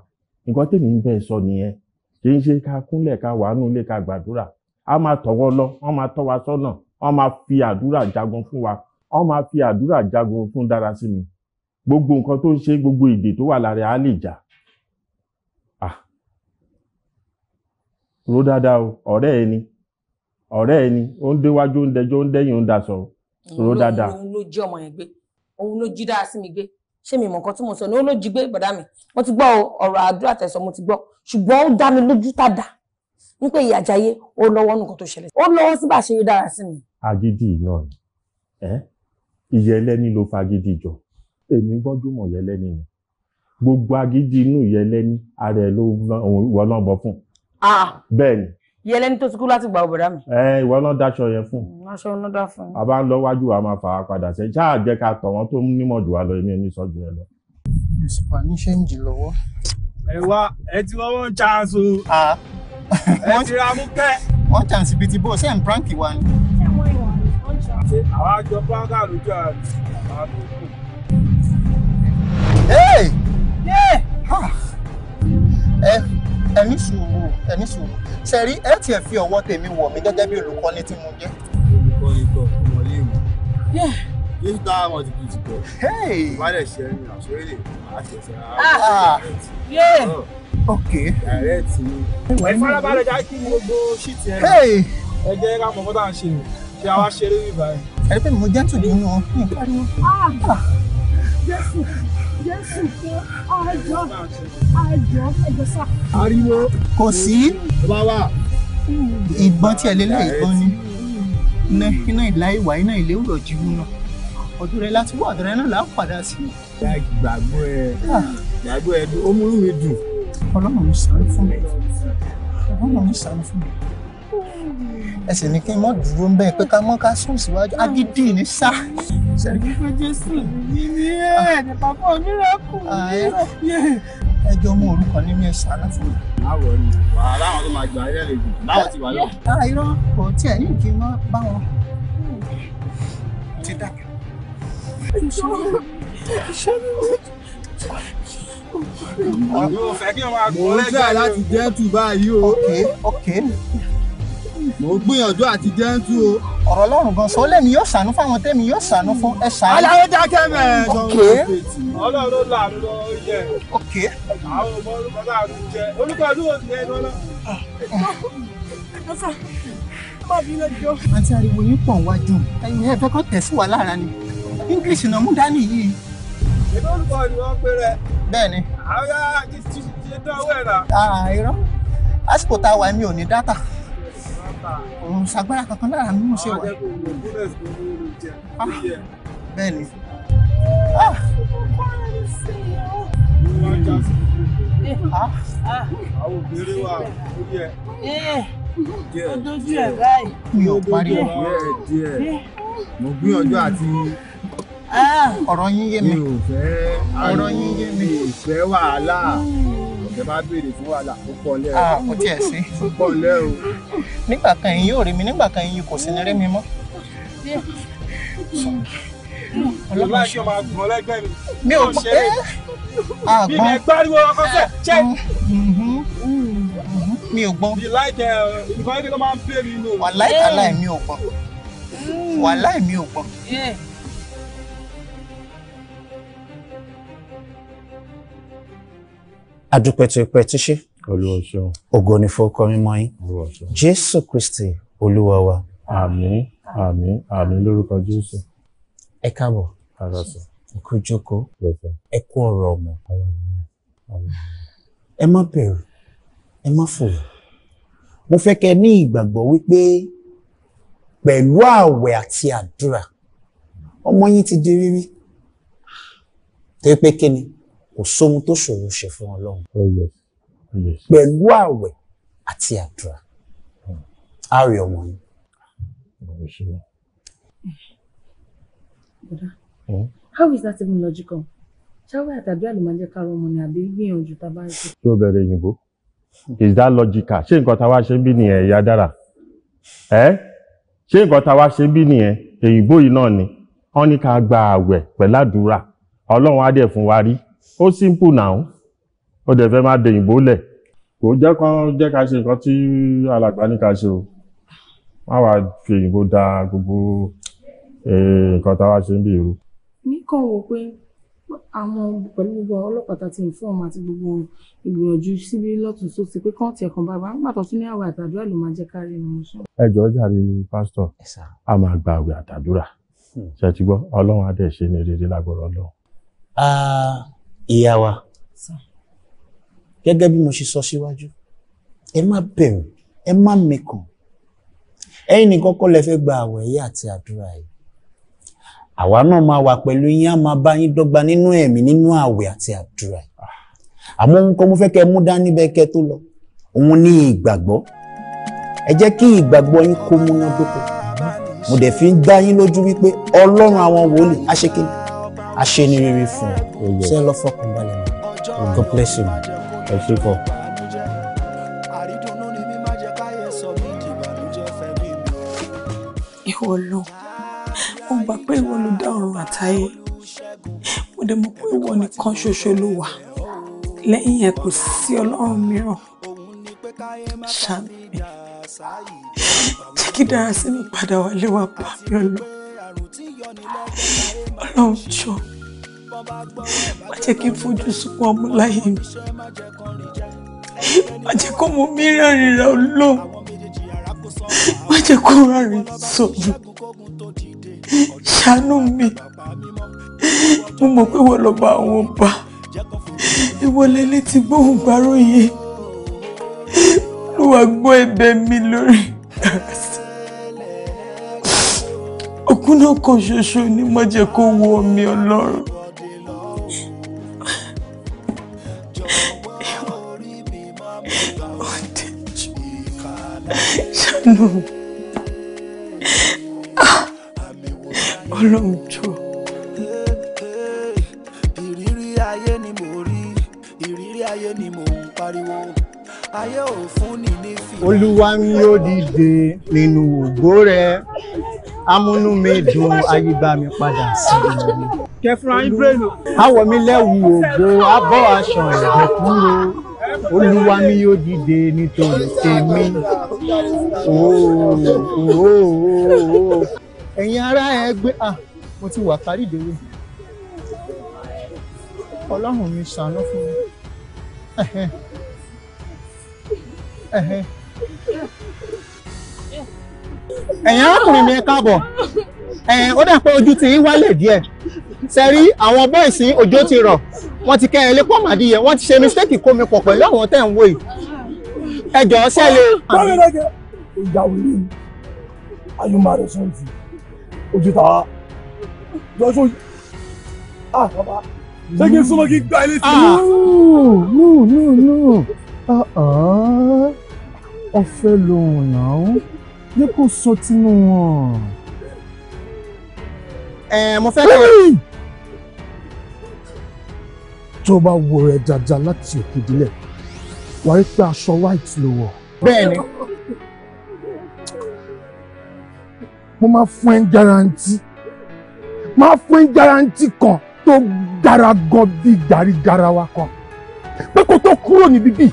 nǹkan tèmi ń bẹ́ẹ̀ sọ nìyẹn kì í ṣe ká kúnlẹ̀ ká wà nù ilé ká gbàdúrà á máa tọ̀wọ́ lọ wọ́n máa tọ́ wa sọ́nà wọ́n máa fi àdúrà jagun fún wa wọ́n máa fi àdúrà jagun fún dára sí mi gbogbo nǹkan tó ń ṣe gbogbo ìdè tó wà lára á lè jà à ah. ró dáadáa o ọ̀rẹ́ ẹ ni ọ̀rẹ́ ẹ ni ó ń déwájú ó ń dẹjọ́ ó ń dẹ́yìn ó ń daṣọ ró dáadáa. òun ló jí ọmọ yẹn gbé òun ló jí dára sí mi gbé ṣé mi mọ̀ nǹkan tí mo sọ ni ó ló jí gbé bọ̀dá mi mo ti gbọ́ ọ̀rọ̀ àdúrà tẹ̀sán mo ti gbọ́ ṣùgbọ́n ó dá mi lójú tàdá wípé ìyá Àjàyè ó lọ́wọ́ nǹkan tó ṣẹlẹ̀ ó lọ́wọ́ sí bá ṣe rí dára sí mi. agídí náà ni ẹ ìyá ẹlẹ́ni ló jọ èmi gbọ́dọ̀ mọ̀ ìyá ni gbogbo agídí inú ìyá ẹlẹ́ni ara ẹ̀ ló wọ́n náà bọ́ fún ah. bẹ́ẹ̀ ni yẹ lẹni tó ti kú láti gba òbẹ̀rẹ̀ mi. ẹ ìwọ náà daṣọ yẹn fún. Mm, aṣọ náà dá fún. a bá ń lọ wájú wa máa fà á padà sẹ́yìn ṣáà jẹ́ ká tọ̀ wọ́n tó nímọ̀ jù wá lọ èmi èmi sọ jù ẹ lọ. èsì wà ní ṣéǹjì lọ́wọ́. ẹ wá ẹ ti wọ́n wọ́n chance o. ẹ ti ra mú kẹ́. wọ́n chance bíi ti bó ṣe ń prank wa ni. ṣé àwa jọ pàǹkà lójú àrùn ẹni sùúrù ẹni sùúrù sẹ́rí ẹ tiẹ̀ fi ọwọ́ tèmi wọ̀ mí gẹ́gẹ́ bí olùkọ́ni tí mo jẹ́. olùkọ́ni kọ ọmọléèwé yéésù tá àwọn ti kìí ti bọ̀ wálẹ̀ ṣe ẹni àṣọyé lè àti ẹ̀sẹ̀ ara ah! ok. ẹ̀rẹ́ ti ní. ẹ farabalẹ̀ já kí gbogbo ṣìtì ẹ ẹ jẹ́ ká mọ̀ bọ́tà ń ṣe ṣé a wá ṣeré bíbá ẹ. ẹ pé mo jẹ́ tòjú ní ọ ní jésù àjọ àjọ ẹjọ sá. ariwo kò sí ìbọn tí ẹ lé lẹ́yìn ìbọn ni iná ìlà ìwà iná ilé òrò jìbù náà ọdún rẹ láti wọ ọdún rẹ náà là á padà sí. gbàgbọ́ ẹ gbàgbọ́ ẹ ó múlù mi dùn. ọlọ́run ń sàánú fún mi ọlọ́run ń sàánú fún mi ẹsẹ̀ ni kí n mọ̀ dúró ń bẹ́ẹ̀ pé ká mọ́ ká sùn síwájú agídí ní sá ṣẹ̀rí pé jésù yìí ni ẹ̀ ní bàbá onírẹ́kù onírẹ́kù. ẹjọ́ mú orúkọ ní mi ẹ̀ ṣàánú fún mi. báwo ni wàá láwọn tó máa gbà ẹ́ lẹ́lẹ́ jù láwọn ti wà lọ. ara ah, irọ́ kò tiẹ̀ ní kí n má bá wọn. ti dàgbà. ọ̀dọ́ fẹ́ kí wọ́n máa gbọ́ lẹ́jọ́ láti jẹ́ tù báyìí o. ok ok mo gbìyànjú àti jẹ́ńtú o. ọ̀rọ̀ ọlọ́run gan sọ lẹ́mi yóò ṣàánú fáwọn tẹ́mi yóò ṣàánú fún ẹ ṣàánú. aláwọ̀ dákẹ́ mẹ́. ok ọlọ́run là ń lọ yẹ. ok àwọn ọmọ orúkọ náà ń jẹ orúkọ ọdún òsì ẹni ọlọ́. àǹtí ariwo yín pọ̀ wájú ẹ̀yin ẹ̀ fẹ́ kọ́ tẹ̀ sí wa lára ni english náà mú dání yìí. èmi orúkọ ni wọ́n pé rẹ. bẹ́ẹ̀ni. àwọn ará ti ti ti dánwó ẹ̀ rà. àìrọ́ ah, àsìkò tá a wà mí ò ní dátà òun ṣàgbára kankan lára mi mú ṣe wà. Ah, bẹ́ẹ̀ ni. Ah. Ah. àwọn obìnrin wà ó eh, yẹ. Eh, ó dojú ẹ̀ báyìí. mi ò parí ọ̀pọ̀. mo gbìyànjú àti ọ̀rọ̀ yín yé mi ọ̀rọ̀ yín yé mi ìfẹ́ wàhálà ọ̀kẹ́ bá béèrè fún wàhálà ó pọ̀ lẹ́ o. Ah, kò tiẹ̀ sí. nígbà kan ẹ̀yin yóò rí mi nígbà kan ẹ̀yin kò sí ní rí mi mọ́. ọlọ́run ṣe máa gùn ọlẹ́gbẹ́ mi. mi ò ṣe é. bí mi gbáriwo ọkọ fẹ ṣe. Mm, mm-hmm, mm-hmm. mi ò gbọ́n. you like eh, máa ń pè mí nù. wàláì tàláì mi ò gbọ́n mm. wàláì mi ò gbọ́n. adúpẹ́ tó ipẹ́ tíṣí ògo ni fọ́kọ́ mímọ́ yín jésù kristi olúwa wa. àmín àmín àmín lórúkọ jésù. ẹ káàbọ̀ ẹ kú jókòó ẹ kú ọ̀rọ̀ ọ̀mọ̀ ẹ má bẹ̀rù ẹ má fòrò mo fẹ́ kẹ́ ní ìgbàgbọ́ wípé pẹ̀lú ààwẹ̀ àti àdúrà ọmọ yín ti di rírí tó pé kí ni kò sóhun tó ṣòro ṣe fún ọlọ́run oh, oh, pẹ̀lú àwẹ̀ àti àdúrà á ọmọ yín. Hmm? How is that even logical? ṣáwé àtàbí àlùmọ́jẹ́ kárọ̀ ọmọ ni àbí gbìyànjú tá a bá ṣe. tó bẹ̀rẹ̀ òyìnbó is that logical ṣé nǹkan tá a wá ṣe ń bí nìyẹn ìyá dára ẹ ṣé nǹkan tá a wá ṣe ń bí nìyẹn òyìnbó yìí náà ni wọ́n ní ká gba àwẹ̀ pẹ̀lú àdúrà ọlọ́run á dẹ̀ fún wa rí ó simple now ó dẹ̀ fẹ́ máa dẹ̀yìnbó lẹ̀ kò jẹ́ kán jẹ́ ká ṣe nǹkan tí alàgbà ní ká ṣe o má wàá fi òyìnbó da gbogbo eh, nǹkan tá a wá ṣe ń bí irú. mi kàn wò pé àwọn pẹ̀lú gbogbo ọlọ́pàá ti ń fọ́ọ̀mù àti gbogbo ìgbìyànjú síbí lọ́tún tó ti pé kán tiẹ̀ kan bàbá nígbà tó tún ní àwẹ̀ àtàdúrà ló máa jẹ́ kárí ni mo sọ. ẹ jọ̀ọ́ jàre pásítọ̀ a máa gba àwẹ̀ àtàdúrà hmm. ṣe ti gbọ́ ọlọ́run á dẹ̀ ṣe ní rere lágbọ̀rọ̀ ọlọ́run. Ah, ìyá wa gẹ́gẹ́ bí mo ṣe sọ síwájú ẹ má bẹ̀rù ẹ má mẹ̀kàn ẹ̀yin nìkan kọ́ lẹ fẹ́ gba àwẹ̀ yìí àti àdúrà yìí àwa náà máa wà pẹ̀lú yín á máa bá yín dọ́gba nínú ẹ̀mí nínú àwẹ̀ àti àdúrà yìí ah. àmọ́ ohun kan mo fẹ́ kẹ́ mú dání bẹ́ẹ̀ kẹ́ tó lọ òun ni ìgbàgbọ́ ẹ jẹ́ kí ìgbàgbọ́ yín kó múná dóko mo dẹ̀ fi ń dá yín lójú wípé ọlọ́run àwọn wòlíì á ṣe kíni aṣenirere fún ọ oh, ṣe lọ fọkàn balẹ̀ mọ́ mm. God bless you man. ẹ ṣe kọ. ìwọ lọ mo gbà pé ìwọ ló dá ọ̀run àtayé mo dẹ̀ mọ̀ pé ìwọ nìkan ṣoṣo ló wà lẹ́yìn ẹ̀ kò sí ọlọ́run mìíràn ṣàmì jẹ́ kí Dárasími padà wálé wá pa ọlọ ọlọ́run jọ má jẹ́ kí n fojú sunkún ọmọ láyé mi má jẹ́ kó mo mìíràn rírà olóhùn má jẹ́ kó rárín sọ̀rọ̀ ṣàánú mi mo mọ̀ pé wọ́n lọ bá àwọn ọba ìwọlé létí gbóhùn gbárò yé olúwa gbọ́ mi lórí. náà kan ṣoṣo ni má jẹ́ kó wọ mi ọlọ́run. ṣàánú ọlọ́run jọ. ìrírí ayé ni mo rí ìrírí ayé ni mo ń pariwo olúwa mi yóò dìde nínú ògbó rẹ amúnú mi dùn ayíba mi padà sí i. kẹfùrà yín bírèlò. mi lẹ́wù ògo abọ́ aṣọ ẹ̀jẹ̀ kúrò olúwa mi yóò dìde nítorí tèmi. ẹ̀yin ará ẹgbẹ́ mo ti wà kárí ìdèwé ọlọ́run mi ṣàánú fún mi ẹ̀yin arákùnrin mi ẹ káàbọ̀ ẹ̀yin ó dà pé ojú ti ń wálẹ̀ díẹ̀ sẹ́rí àwọn bọ́ìsì òjò ti rọ̀ wọ́n ti kẹ́ ẹ lépo màdìyẹ wọ́n ti ṣe mistake kó mi pọ̀ pẹ̀lú àwọn tẹ̀ ń wò yìí ẹ jọ̀ọ́ ṣe lè. ìyàwó ilé ayọ̀mọ̀ rẹ̀ sọ̀rọ̀ sí ojú ta lọ́sọ̀ yìí ah bàbá ṣé kí n súnmọ́ kí n gba ilé sí i. nù nù nù ọ̀fẹ́ lòun náà ní kò sọ tinú wọn. ẹ mo fẹ́ kẹ́. tó o bá wo rẹ dáadáa láti òkè délẹ̀ wàá rí pé aṣọ white ló wọ̀. bẹ́ẹ̀ni. mo máa fún ẹ garanti máa fún ẹ garanti kan tó dára gan bí gàrígàrá wa kan pé kó tó kúrò níbí bí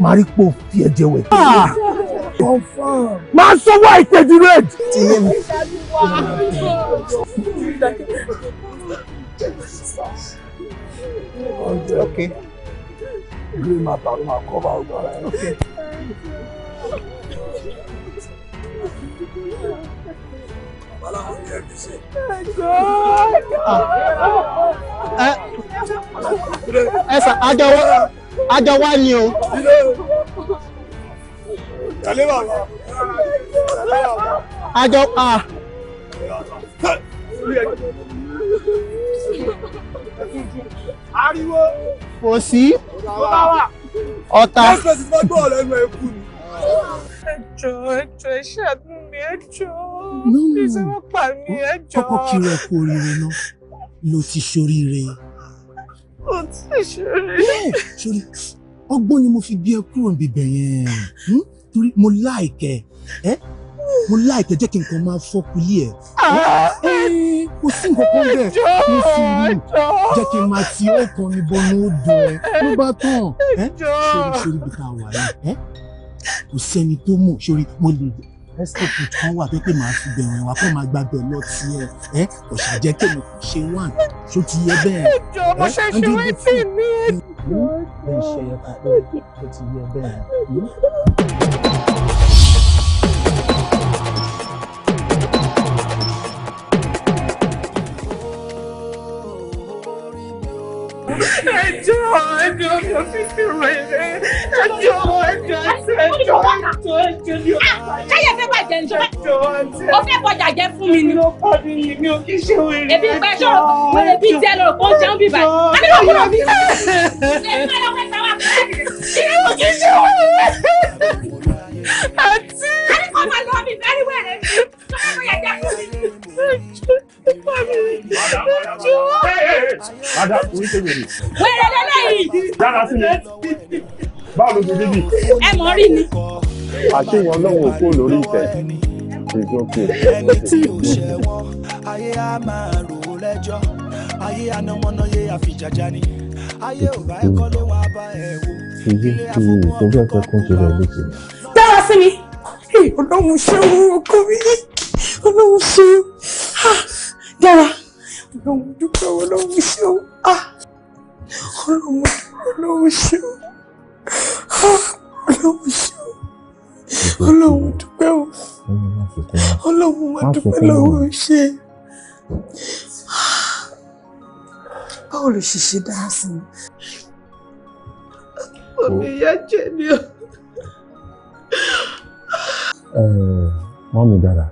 màá rí pé o fi ẹ̀jẹ̀ wẹ̀. Ah! máa sanwó àìpéjú red. okay. ẹ. sà àjọ wa ni o. Tẹ̀lé bàbá. Tẹ̀lé bàbá. Àjọ pa. Ariwo. Kò sí. Ọ̀tá. Ẹ̀sọ́ ti fẹ́ gbọ́ lẹ́nu ẹ̀kú ni. Ẹjọ́ ẹjọ́ iṣẹ́ àdúgbò mi ẹjọ́. Ìṣẹ́ wọ́n pa mi ẹjọ́. Kọ́kọ́ kí rẹ̀ kú oríire náà ló ti ṣoríire. Ó ti ṣoríire. Bẹ́ẹ̀ ṣorí ọgbọ́n ni mo fi gbé ẹ kúrò níbẹ̀ yẹn. Hmm? torí mo láìkẹ́ ẹ́ mo láìkẹ́ jẹ́ kí n kàn máa fọ́kù ilé ẹ̀ kò sí nǹkan kan bẹ́ẹ̀ mo sì rí jẹ́ kí n máa ti ọkàn mi bọnú odò ẹ̀ ló bá tán ẹ́ sórí sórí bí ká wà yìí ẹ́ kò sẹ́ni tó mọ̀ sórí mo lè ẹ́sítọ́pù kan wà pé màá fi bẹ̀rẹ̀ wá kó máa gba bẹ̀ lọ tí ẹ ẹ́ kò sì jẹ́ kí èmi ṣe wà tó ti yẹ bẹ́ẹ̀. ẹjọ́ mo ṣe ṣe wí tì mí. ẹ ṣe ẹ pàdé tó ti yẹ bẹ́ẹ̀ káyọ̀ fẹ́ bàjẹ́ ń jọ ó fẹ́ bọjà jẹ́ fún mi ni. ebi ń pẹ́ sọ̀rọ̀ wẹ̀rẹ̀ bíi tiẹ̀ lọ kó jẹun bíi bàjẹ́. a ní wọ́n kúrò bí. ṣé ìwọ kì í ṣe wọ́n àti. àdìpọ̀ máa my mi bẹ́ẹ̀ wẹ̀ rẹ̀ mi lọ́wọ́ yẹn jẹ́ fún mi. Ada orí ṣe wèrè. Wèrè lélẹ́yìí. Dára sí mi. Báwo ló ti débi? Ẹ mọ̀ rí ni. Àti ìwọ lọ́wọ́ òkú lórí ìtẹ̀. Ìjókòó. Ẹni tí ò ṣẹ̀wọ̀n, ayé á máa rò ó lẹ́jọ́. Ayé anáwọ́náyé àfijàjà ni ayé ò bá ẹkọ ló wá bá ẹ wò. ṣèyí ti ìtọ́jú ẹ̀kọ́ kan ṣe rẹ̀ léṣe sí mi. ọlọ́run ṣe owó ọkọ mi ọlọ́run ṣe ó dára ọlọ́run dúpẹ́ ọlọ́run ṣe ó ọlọ́run ọlọ́run ṣe ó ọlọ́run ṣe ó ọlọ́run dúpẹ́ ó ọlọ́run má dúpẹ́ lọ́wọ́ ṣe báwo ló ṣe ṣe dára sí mi. omi ìyá jẹ ni o mọ́ mi dára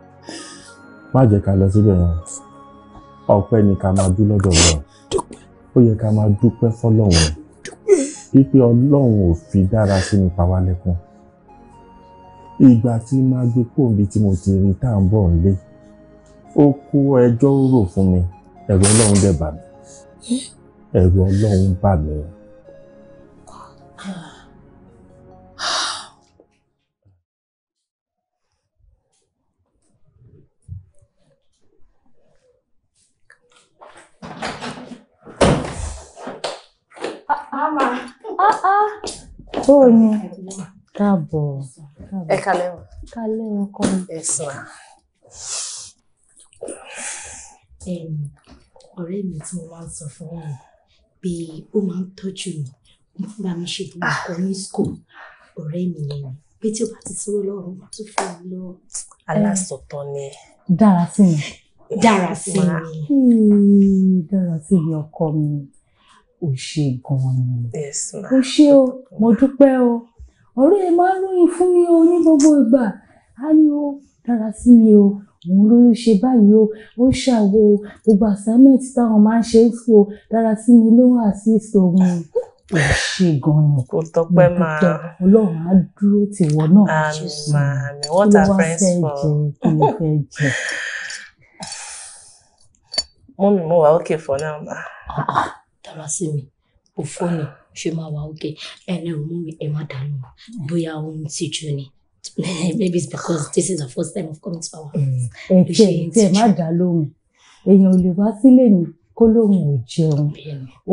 má jẹ́ ká lọ síbẹ̀ yẹn ọpẹ́ ni ká máa dú lọ́dọ̀ wọn ó yẹ ká máa dúpẹ́ fọlọ́run pípé ọlọ́run ò fi dára sí mi pa wá lẹ́kún ìgbà tí máa gbé pòǹbì tí mo ti rí tá à ń bọ̀ nílé ó kó ẹjọ́ rò fún mi ẹ̀rù ọlọ́run dẹ̀ bà mí ẹ̀rù ọlọ́run bà mí o. Ah. bó o ní káàbọ̀ ẹ kalẹ̀ o kalẹ̀ o kọ́ mi. ẹ sọ à. ọ̀rẹ́ mi tí mo máa ń sọ fún wọn pé ó mi mo mi ṣe tó máa kọ school ọ̀rẹ́ mi yẹn ni pé tí o bá ti sọ́wọ́ lọ́rùn wọ́n tún fún mi lọ. alásọ̀tàn ni. dára sí mi. dára sí mi. dára sí mi ọkọ mi ò ṣe gan-an ni ó ṣe o mo dúpẹ́ o ọ̀rẹ́ ẹ máa ń lóyún fún mi o ní gbogbo ìgbà á ní o dára sí mi o òun ló ń ṣe báyìí o ó ṣàwo gbogbo assignment táwọn máa ń ṣe é fún o dára sí mi ló ń assist òun ó ṣe gan-an kò tọpẹ́ máa ọlọ́run á dúró tìwọ náà jésù kí ló wá fẹ́ jẹ kí ló fẹ́ jẹ. mọ́mí mo wa ókè for now ma. Ah, ah tara sí mi kò fọ́ mi ṣe máa wà ókè ẹni ò mú mi ẹ má dànù bóyá òun ti jù ni maybe it's because this is the first time of coming to our house. Mm. ẹ̀kẹ́ ẹ̀kẹ́ má dá lóhùn èèyàn ò lè wá sílé mi kó lóun ò jẹun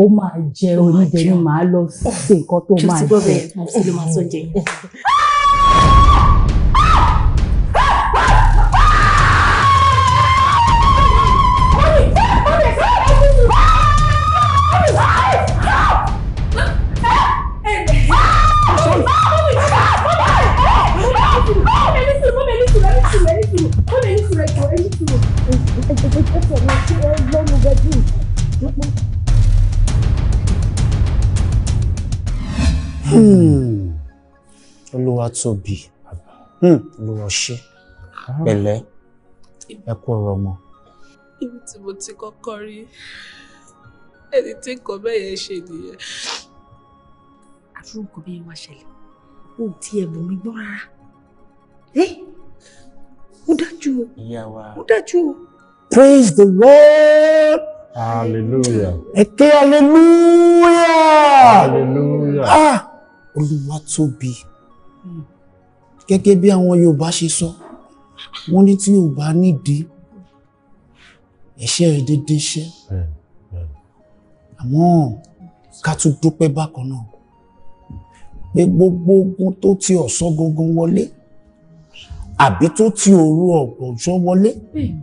ó máa jẹ oníjẹ ni màá lọ sí nǹkan tó máa eh, jẹ. Hmm. olúwa tóbi hmm. olúwa ṣe ah. pẹ̀lẹ́ ẹ kú ọ̀rọ̀ ọmọ. ibi tí mo ti kọ́kọ́ rí ẹni tí nǹkan bẹ́ẹ̀ yẹn ṣe nìyẹn. àbúrò nǹkan bí wàá ṣẹlẹ̀ o ò tiẹ̀ bù gbọ́ rárá ó dájú o ó dájú o. Praise the Lord. Hallelujah. Ẹ ké hallelujah. Hallelujah. Ah, Olúwa tóbi. Gẹ́gẹ́ bí àwọn Yorùbá ṣe sọ, wọ́n ní tí Yorùbá nídìí, ẹ̀ṣẹ̀ rẹ̀ dédé ṣẹ́. Àmọ́ ká tún dúpẹ́ bákan náà. Pé gbogbo ogun tó ti ọ̀sán gangan wọlé, àbí tó ti òru ọ̀gbọ̀njọ́ wọlé, hmm.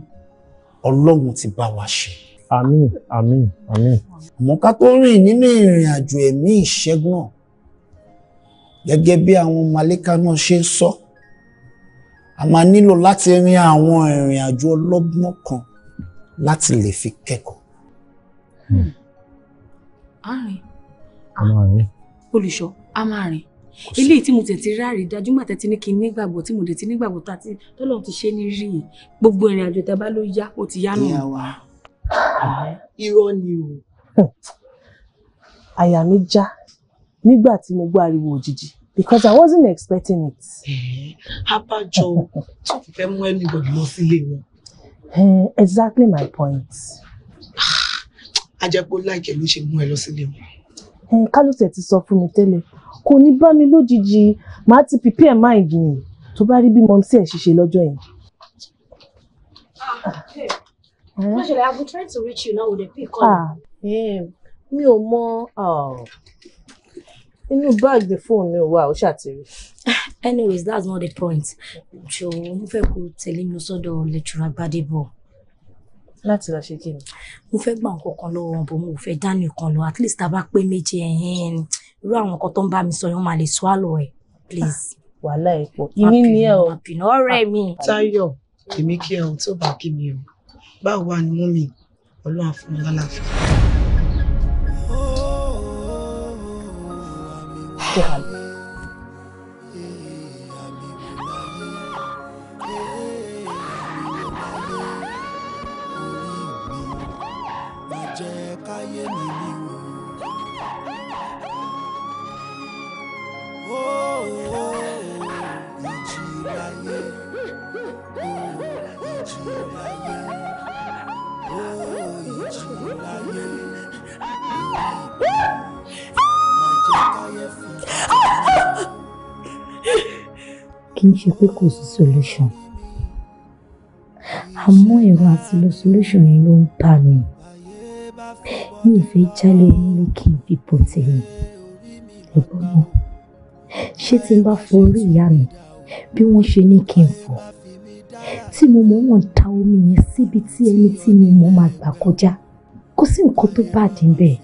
Ọlọ́run ti bá wa ṣe àmín àmín àmín. àmọ́ ká tó rìn nínú ìrìn àjò ẹ̀mí ìṣẹ́gun náà gẹ́gẹ́ bí àwọn màlẹ́kà náà ṣe ń sọ a máa nílò láti rin àwọn ìrìn àjò ọlọ́gbọ́n kan láti lè fi kẹ́kọ̀ọ́. àárín hmm. a máa rìn. olùṣọ́ a máa rìn ilé tí mo tẹ̀ ti ráàrí dájú mà tẹ́ ti ní kí n nígbàgbọ́ tí mo dẹ̀ ti nígbàgbọ́ tá a ti tọ́lọ́ ti ṣe ní rí yìí gbogbo ìrìn àjò tẹ́ bá ló yá ó ti yá nù irọ́ ni o. Hmm. àyà mi já nígbà tí mo gbọ́ ariwo òjijì because I wasn't expecting it. Eh, abájọ tó fi fẹ́ mú anybody lọ sílé wọn. Eh, exactly my point. ajẹ́pọ̀ ah, láìjẹ́ ló ṣe mú ẹ lọ sílé wọn. Eh, kálùtẹ̀ ti sọ fún mi tẹ́lẹ̀ kò ní bá mi lójijì màá ti prepare mind mi tó bá rí bí mọ́mísí ẹ̀ ṣiṣẹ́ lọ́jọ́ yẹn. Ah, Actually, I've been trying to reach you now with a pick call. Ah, mi ò mọ oh. inú the phone, mi wà ó ṣàtìrí. Anyways, that's not the point. Jọ mo fẹ́ kó tẹ̀lé mi sọ́dọ̀ lecturer Gbadebo. Láti lọ ṣe kí ni? Mo fẹ́ gba nǹkan kan lọ́wọ́ wọn bò mo fẹ́ dání kan lọ at least tá a bá pé méje ẹ̀hìn irú àwọn nǹkan tó ń bá mi sọ yẹn máa lè swallow ẹ̀ please. Ah, wàhálà ẹ̀ pọ̀. Ìní ni ẹ o. Ọ̀rẹ́ mi. Táyọ̀, èmi kí ẹ ohun tó bá kí mi o báwo wà ní mú mi ọlọ́run á fún kì í ṣe pé kò sí solution àmọ́ ẹ̀rọ àti lo solution yẹn ló ń bà mí mi ò fẹ́ jálẹ̀ nílé kí n fi bò tèmi ẹ̀gbọ́n mi ṣé tí n bá fọ orí ìyá mi bí wọ́n ṣe ní kí n fọ tí mo mọ̀ wọ́n da omi yẹn síbi tí ẹni tí mo mọ̀ máa gbà kọjá kò sí nǹkan tó bá dín bẹ́ẹ̀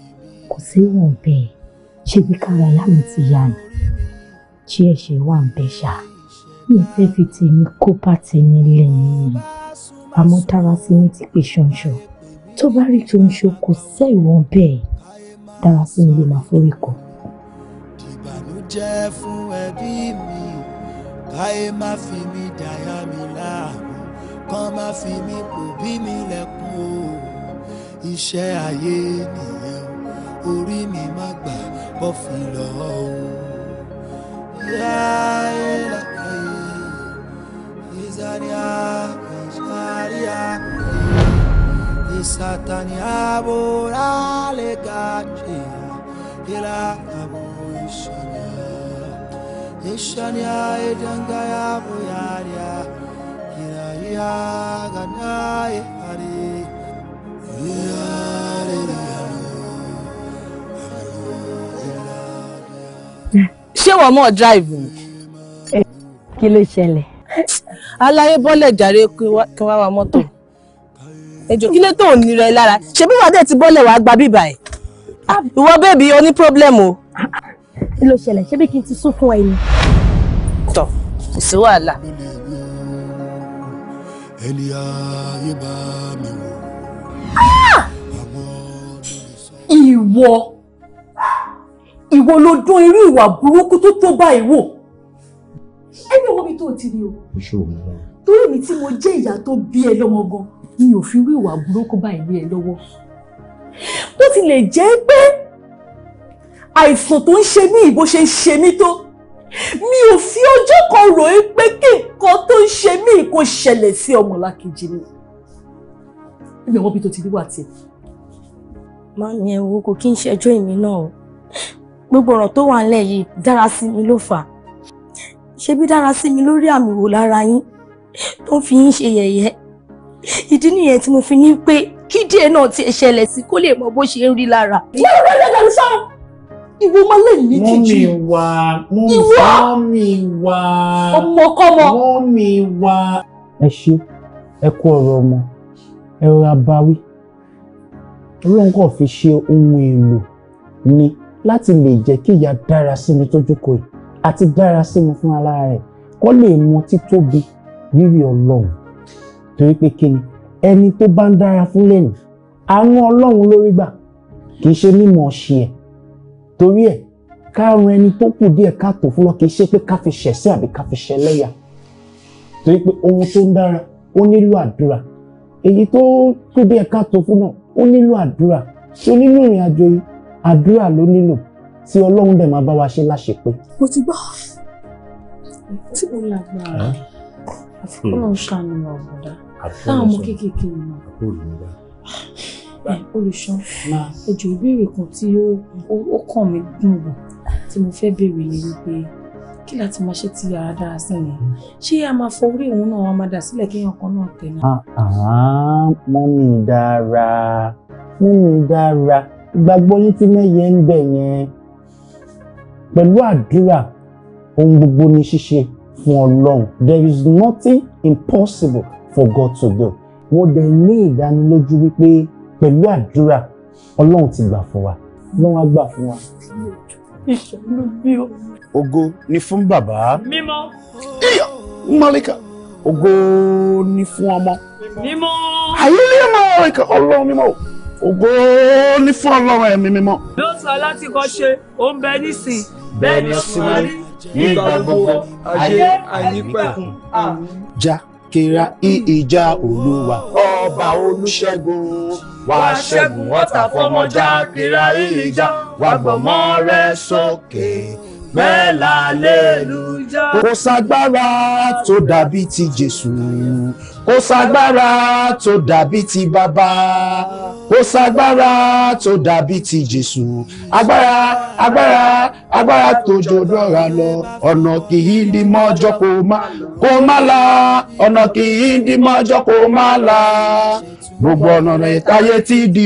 kò sí wọn bẹ́ẹ̀ ṣe bí kára lámì ti yá ni ṣé ẹ̀ṣẹ̀ wà ń bẹ́ ṣáà mi fẹ́ fi tèmi kó bá tèmi lẹ́yìn àmọ́ Darasimi ti pè ṣanṣan tó bá rí tó ń ṣe kò sẹ́ ìwọ̀n bẹ́ẹ̀ Darasimi lè máa forí kọ. ìbànújẹ́ fún ẹbí mi káyé má fi mi dàyà mi láàmú kán má fi mi kò bí mi lẹ́kùn o iṣẹ́ ayé nìyẹn orí mi má gbà bọ́ fi lọ́ọ́ o. yáa ẹ̀ lákàyè. Satania, Satania, e Satania bora le gatia, e shania e dangaya boyaria, e la hari, e e e ṣé wọn mọ drive ni. kí ló ṣẹlẹ̀ aláyé bọ́lẹ̀ jàre kí wá wa mọ́tò ẹjọ kí lè tó ò nira ẹ lára ṣe bí wàá dẹ̀ ti bọ́lẹ̀ wàá gba bíbà ẹ̀ ah, ìwọ bẹ́ẹ̀bì o ní problem o. kí ló ṣẹlẹ̀ ṣé bí kí n ti sún fún ẹ ni. tọ kò sí wàhálà. ẹni ayé bá mi wò. Ah! ìwọ ìwọ ló dún irú ìwà burúkú tó tó báyìí wò ẹni owó mi tó ti rí o. torí mi tí mo jẹ́ ìyá tó bí ẹ lọ́mọ gan mi ò fi rí ìwà burúkú báyìí lé ẹ lọ́wọ́. bó tilẹ̀ jẹ́ pé àìsàn tó ń ṣe mí ìbò ṣe ń ṣe mí tó mi ò fi ọjọ́ kan rò ó pé kí nǹkan tó ń ṣe mí kò ṣẹlẹ̀ sí ọmọlàkejì mi. ẹni owó mi tó ti rí wà tiẹ̀. màmí ẹ̀ wo kò kí n ṣẹjọ́ èmi náà o gbogbo ọ̀rọ̀ tó wà nílẹ̀ yìí dára sí mi ló fà á ṣebí dára sí mi lórí àmì wò lára yín tó ń fi yín ṣe yẹ̀yẹ́ ìdí nìyẹn tí mo fi ní pé kí díẹ̀ náà ti ṣẹlẹ̀ sí kó lè mọ bó ṣe ń rí lára. wọ́n rẹ̀ rẹ̀ lẹ́nu sọ́ọ̀ ìwọ máa lè ní kejì. mọ́mì wá mọ́mì ẹ ṣe ẹ kú ọ̀rọ̀ ọmọ ẹ rọra bá wí ọlọ́run kàn fi ṣe ohun èlò ni láti lè jẹ́ kí ìyá dára sí mi tójú kò yìí àti dára sí mi fún ara rẹ̀ kó lè mọ títóbi rírì ọlọ́run torí pé kí ni ẹni tó bá ń dára fún lẹ́nu àwọn ọlọ́run lórí gbà kì í ṣe mímọ̀ ṣe ẹ̀ torí ẹ̀ ká ran ẹni tó kù díẹ̀ káàtó fún lọ kì í ṣe pé ká fi ṣẹ̀sẹ́ àbí ká fi ṣẹlẹ́yà torí pé ohun tó ń dára ó nílò àdúrà èyí tó kù díẹ̀ káàtó fún náà ó nílò àdúrà tó nínú ìrìn àjò yìí àdúrà ló nílò tí ọlọ́run dẹ̀ máa bá wa ṣe láṣepé. mo ti gbọ́ tí mo lágbára àfikún náà hmm. ṣàánú ọ̀bọ̀dá táwọn ọmọ kéékèèké mọ̀ olùṣọ́ ẹjọ́ ìbéèrè kan tí ó kàn mí gbùngbùn tí mo fẹ́ béèrè ni wípé kí láti máa ṣe ti yàrá dára sí ni hmm. ṣé a máa fọ orí òun náà a máa dà sílẹ̀ kéèyàn kan náà tẹ̀ náà. Ah, ah, mọ́mí dára mọ́mí dára ìgbàgbọ́ yín tí mẹ́yẹ ń bẹ̀ yẹn pẹ̀lú àdúrà ohun gbogbo ní ṣíṣe fún ọlọ́run there is nothing impossible for God to do mo dẹ̀ ní ìdánilójú wípé pẹ̀lú àdúrà ọlọ́run ti gbà fún wa ọlọ́run á gbà fún wa. ìṣòro bí o. ògo ni fún bàbá. mímọ́. iyọ mọ́líkà ògo ni fún ọmọ. mímọ́. àyílẹ̀ mọ́líkà ọlọ́run mímọ́ o ògo ní fún ọlọ́run ẹ̀mí mímọ́. lóòótọ́ láti kọ́ ṣe ó ń bẹ nísìn bẹ́ẹ̀ ni ọkùnrin ní ìgbà gbogbo ayé àyípẹ̀kùn àmì. já kíra ìjà olúwa. ọba olùṣègùn wá ṣẹ́gun ọ̀tá fọmọ já kíra ìjà wá gbọ̀mọ́ rẹ sókè bẹ́ẹ̀ lálẹ́ lùjá. kò ságbára tó dàbí ti jésù kò sagbára tó dàbí ti bàbá kò sagbára tó dàbí ti jésù agbára agbára agbára tó jọdọra lọ ọ̀nà kì í di mọ́jọ́ kò má la ọ̀nà kì í di mọ́jọ́ kò má la gbogbo ọ̀nà ìtayé ti di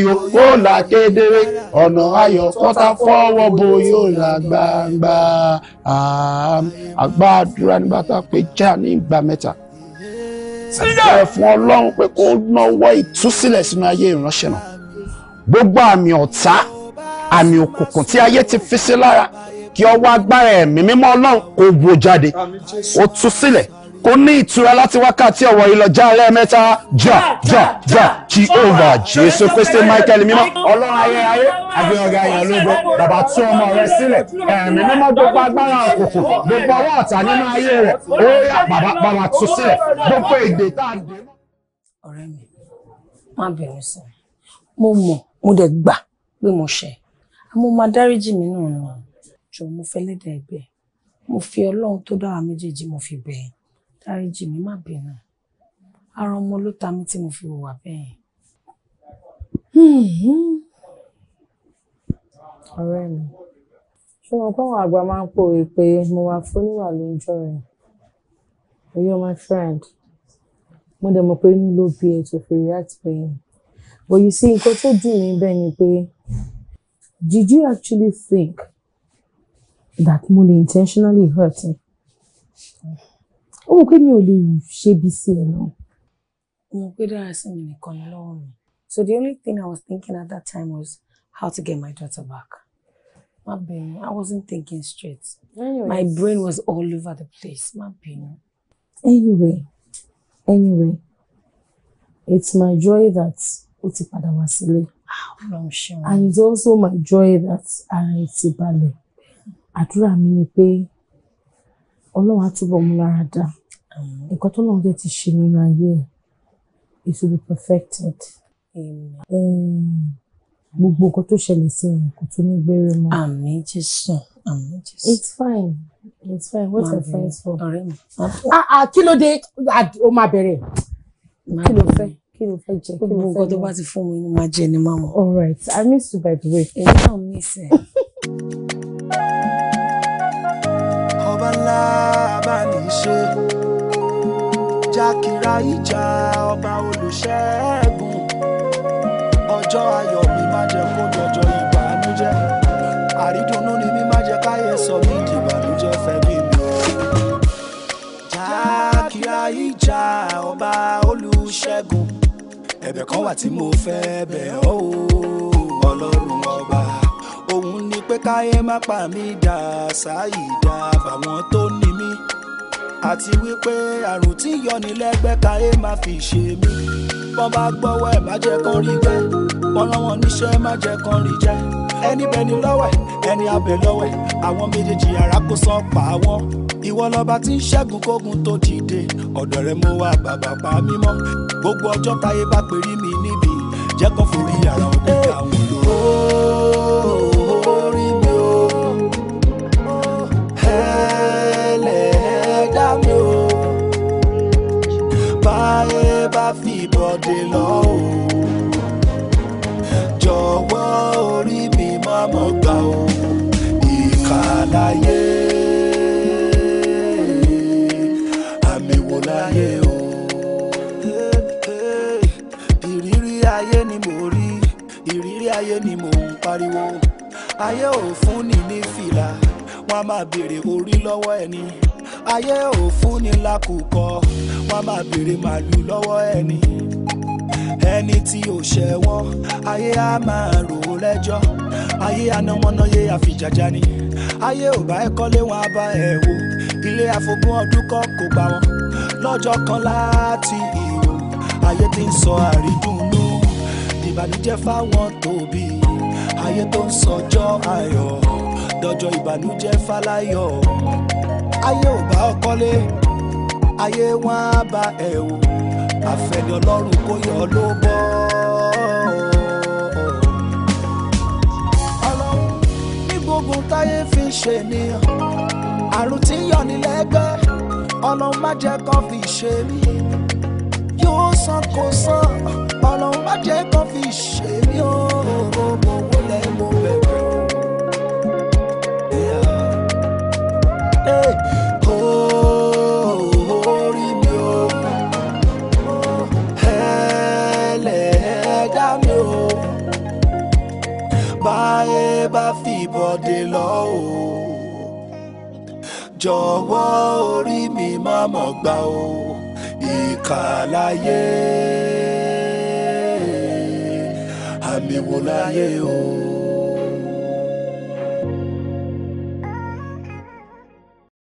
là kedere ọ̀nà ayọ̀ fọwọ́ bo yóò là gbangba àgbàdúrà nígbà tá a pè já mẹ́ta. ẹ fún ọlọ́run pé kó náwó ìtúsílẹ̀ sínú ayé ìránṣẹ́ náà gbogbo àmì ọ̀tá àmì òkùnkùn tí ayé ti fi sí lára kí ọwọ́ agbára ẹ̀mí mímọ́ ọlọ́run kó wò jáde ó tú sílẹ̀ kó ní ìtura láti wákàtí ọ̀wọ̀ yìí lọ já lẹ́ẹ̀mẹ́ta já já já Jehovah Jésù Kristi Michael mímọ́ ọlọ́run ayé ayé agbẹ́yọ̀gá yẹn lógo bàbá tú ọmọ rẹ sílẹ̀ ẹ̀mí mímọ́ gbogbo agbára òkùnkùn gbogbo ọwọ́ ọ̀tá nínú ayé rẹ̀ ó yá bàbá bàbá tú sílẹ̀ gbogbo èdè tá à ń dé. ọ̀rẹ́ mi má bẹ̀rù sí i mo mọ̀ mo dẹ̀ gbà pé mo ṣe àmọ́ máa dáríjì mí náà nù jọ mo fẹ́ lẹ́dàá ẹgbẹ́ mo fi ọlọ́run tó dára méjèèjì mo fi bẹ̀ẹ́ dáríjì mi má bínú ara ọmọ ló ta mí tí mo fi hùwà bẹ́ẹ̀. Hmm. ọ̀rẹ́ mi ṣé mo kọ́ àwọn àgbà máa ń pòwe pé mo wà fúnìwà ló ń jọ rẹ̀ are you my friend mo dẹ̀ mọ̀ pé inú ló bí ẹ tó fi react pé but you see nǹkan tó dùn mí bẹ́ẹ̀ ni pé did you actually think that mo lè intentionally hurt him ó mọ̀ pé mi ò lè ṣebi sí ẹ náà. mo gbé dára sí mi nìkan lọ́wọ́ mi so the only thing I was thinking at that time was how to get my daughter back. Má bínú, I wasn't thinking straight. Anyways. My brain was all over the place. Má bínú. Anyway, anyway, it's my joy that ó ti padà wá sílé. And it's also my joy that ara ẹ ti balẹ̀. Àdúrà mi ni pé Ọlọ́run á túbọ̀ mú nǹkan tó lọ́n dẹ̀ ti ṣe nínú ayé ẹ̀ it will be perfected. gbogbo nǹkan tó ṣẹlẹ̀ sí ẹ̀ kò tún ní gbére mọ́. àmín jésù àmín jésù. it's fine it's fine What's your friends for. ọ̀rẹ́ mi. Ah, ah, kí ló dé o ah, máa bẹ̀rẹ̀ kí ló fẹ́ kí ló fẹ́ jẹ kí ló fẹ́ jẹ. gbogbo nǹkan tó bá ti fún mi ni màá jẹ ni màá mọ. all right i miss you by the way. èyí náà miss ẹ. ọba ńlá bá ní í ṣe akira ìjà ọba olùṣègùn ọjọ́ ayọ̀ mi má jẹ́ kó dọjọ́ ìbànújẹ́ àrídùnnú ni mi má jẹ́ káyé sọ mí dìbànújẹ́ fẹ́mi mi ò. ìjà akira ìjà ọba olùṣègùn ẹ̀bẹ̀ kan wà tí mo fẹ́ bẹ̀ ọ́ ọlọ́run ọba òun ni pé káyé má pa mí dà sáyìí dà bàwọn tó ní mí àti wípé àrùn tí yọni lẹ́gbẹ́ káyé máa fi ṣe mí wọ́n bá gbọ́wọ́ ẹ̀ má jẹ́ kán rí jẹ́ wọ́n rán wọn níṣẹ́ má jẹ́ kán rí jẹ́ ẹni bẹni lọ́wẹ̀ ẹni abẹ lọ́wẹ̀ àwọn méjèèjì ara kò sàn pa wọ́n ìwọ lọba tí ń ṣẹ́gun kógun tó dìde ọ̀dọ̀ rẹ mo wà bàbà pa mímọ́ gbogbo ọjọ́ táyé bá pèrí mi níbi jẹ́ kó forí ara ọ̀dẹ́. pariwo ayé ò fún ni ní fìlà wọn a máa béèrè orí lọ́wọ́ ẹni ayé ò fún ni lákòókò wọn a máa béèrè màlúù lọ́wọ́ ẹni ẹni tí ò ṣẹ̀wọ̀n ayé á máa rò ó lẹ́jọ́ ayé anáwọ́náyé àfijàjà ni ayé ò bá ẹ kọ́lé wọn á bá ẹ wò ilé àfogún ọdún kọ́ kò gbà wọ́n lọ́jọ́ kan láti ìhò ayé ti ń sọ àrídùnnú ìbànújẹ́ fáwọn tóbi ayé tó ń sọjọ́ ayọ̀ dọjọ́ ìbànújẹ́ fáláyọ̀ ayé ò bá ọkọ lé ayé wọn á bá ẹ wò àfẹ̀dẹ ọlọ́run kò yọ ló bọ́. ọlọ́run ní gbogbo táyé fi ń ṣe nìyàn àrùn tí yọ ní lẹ́gbẹ́ ọlọ́run má jẹ́ kó fi ṣe mí yóò san kó san ọlọ́run má jẹ́ kán fi ṣe mí o mo wọlé mo bẹ̀rẹ̀ o. orí mi o ẹlẹ́dá mi o báyé bá fìbọ̀dé lọ o jọ̀wọ́ orí mi má mọ̀ gbà o ìkàlàyé mi wò láyé o.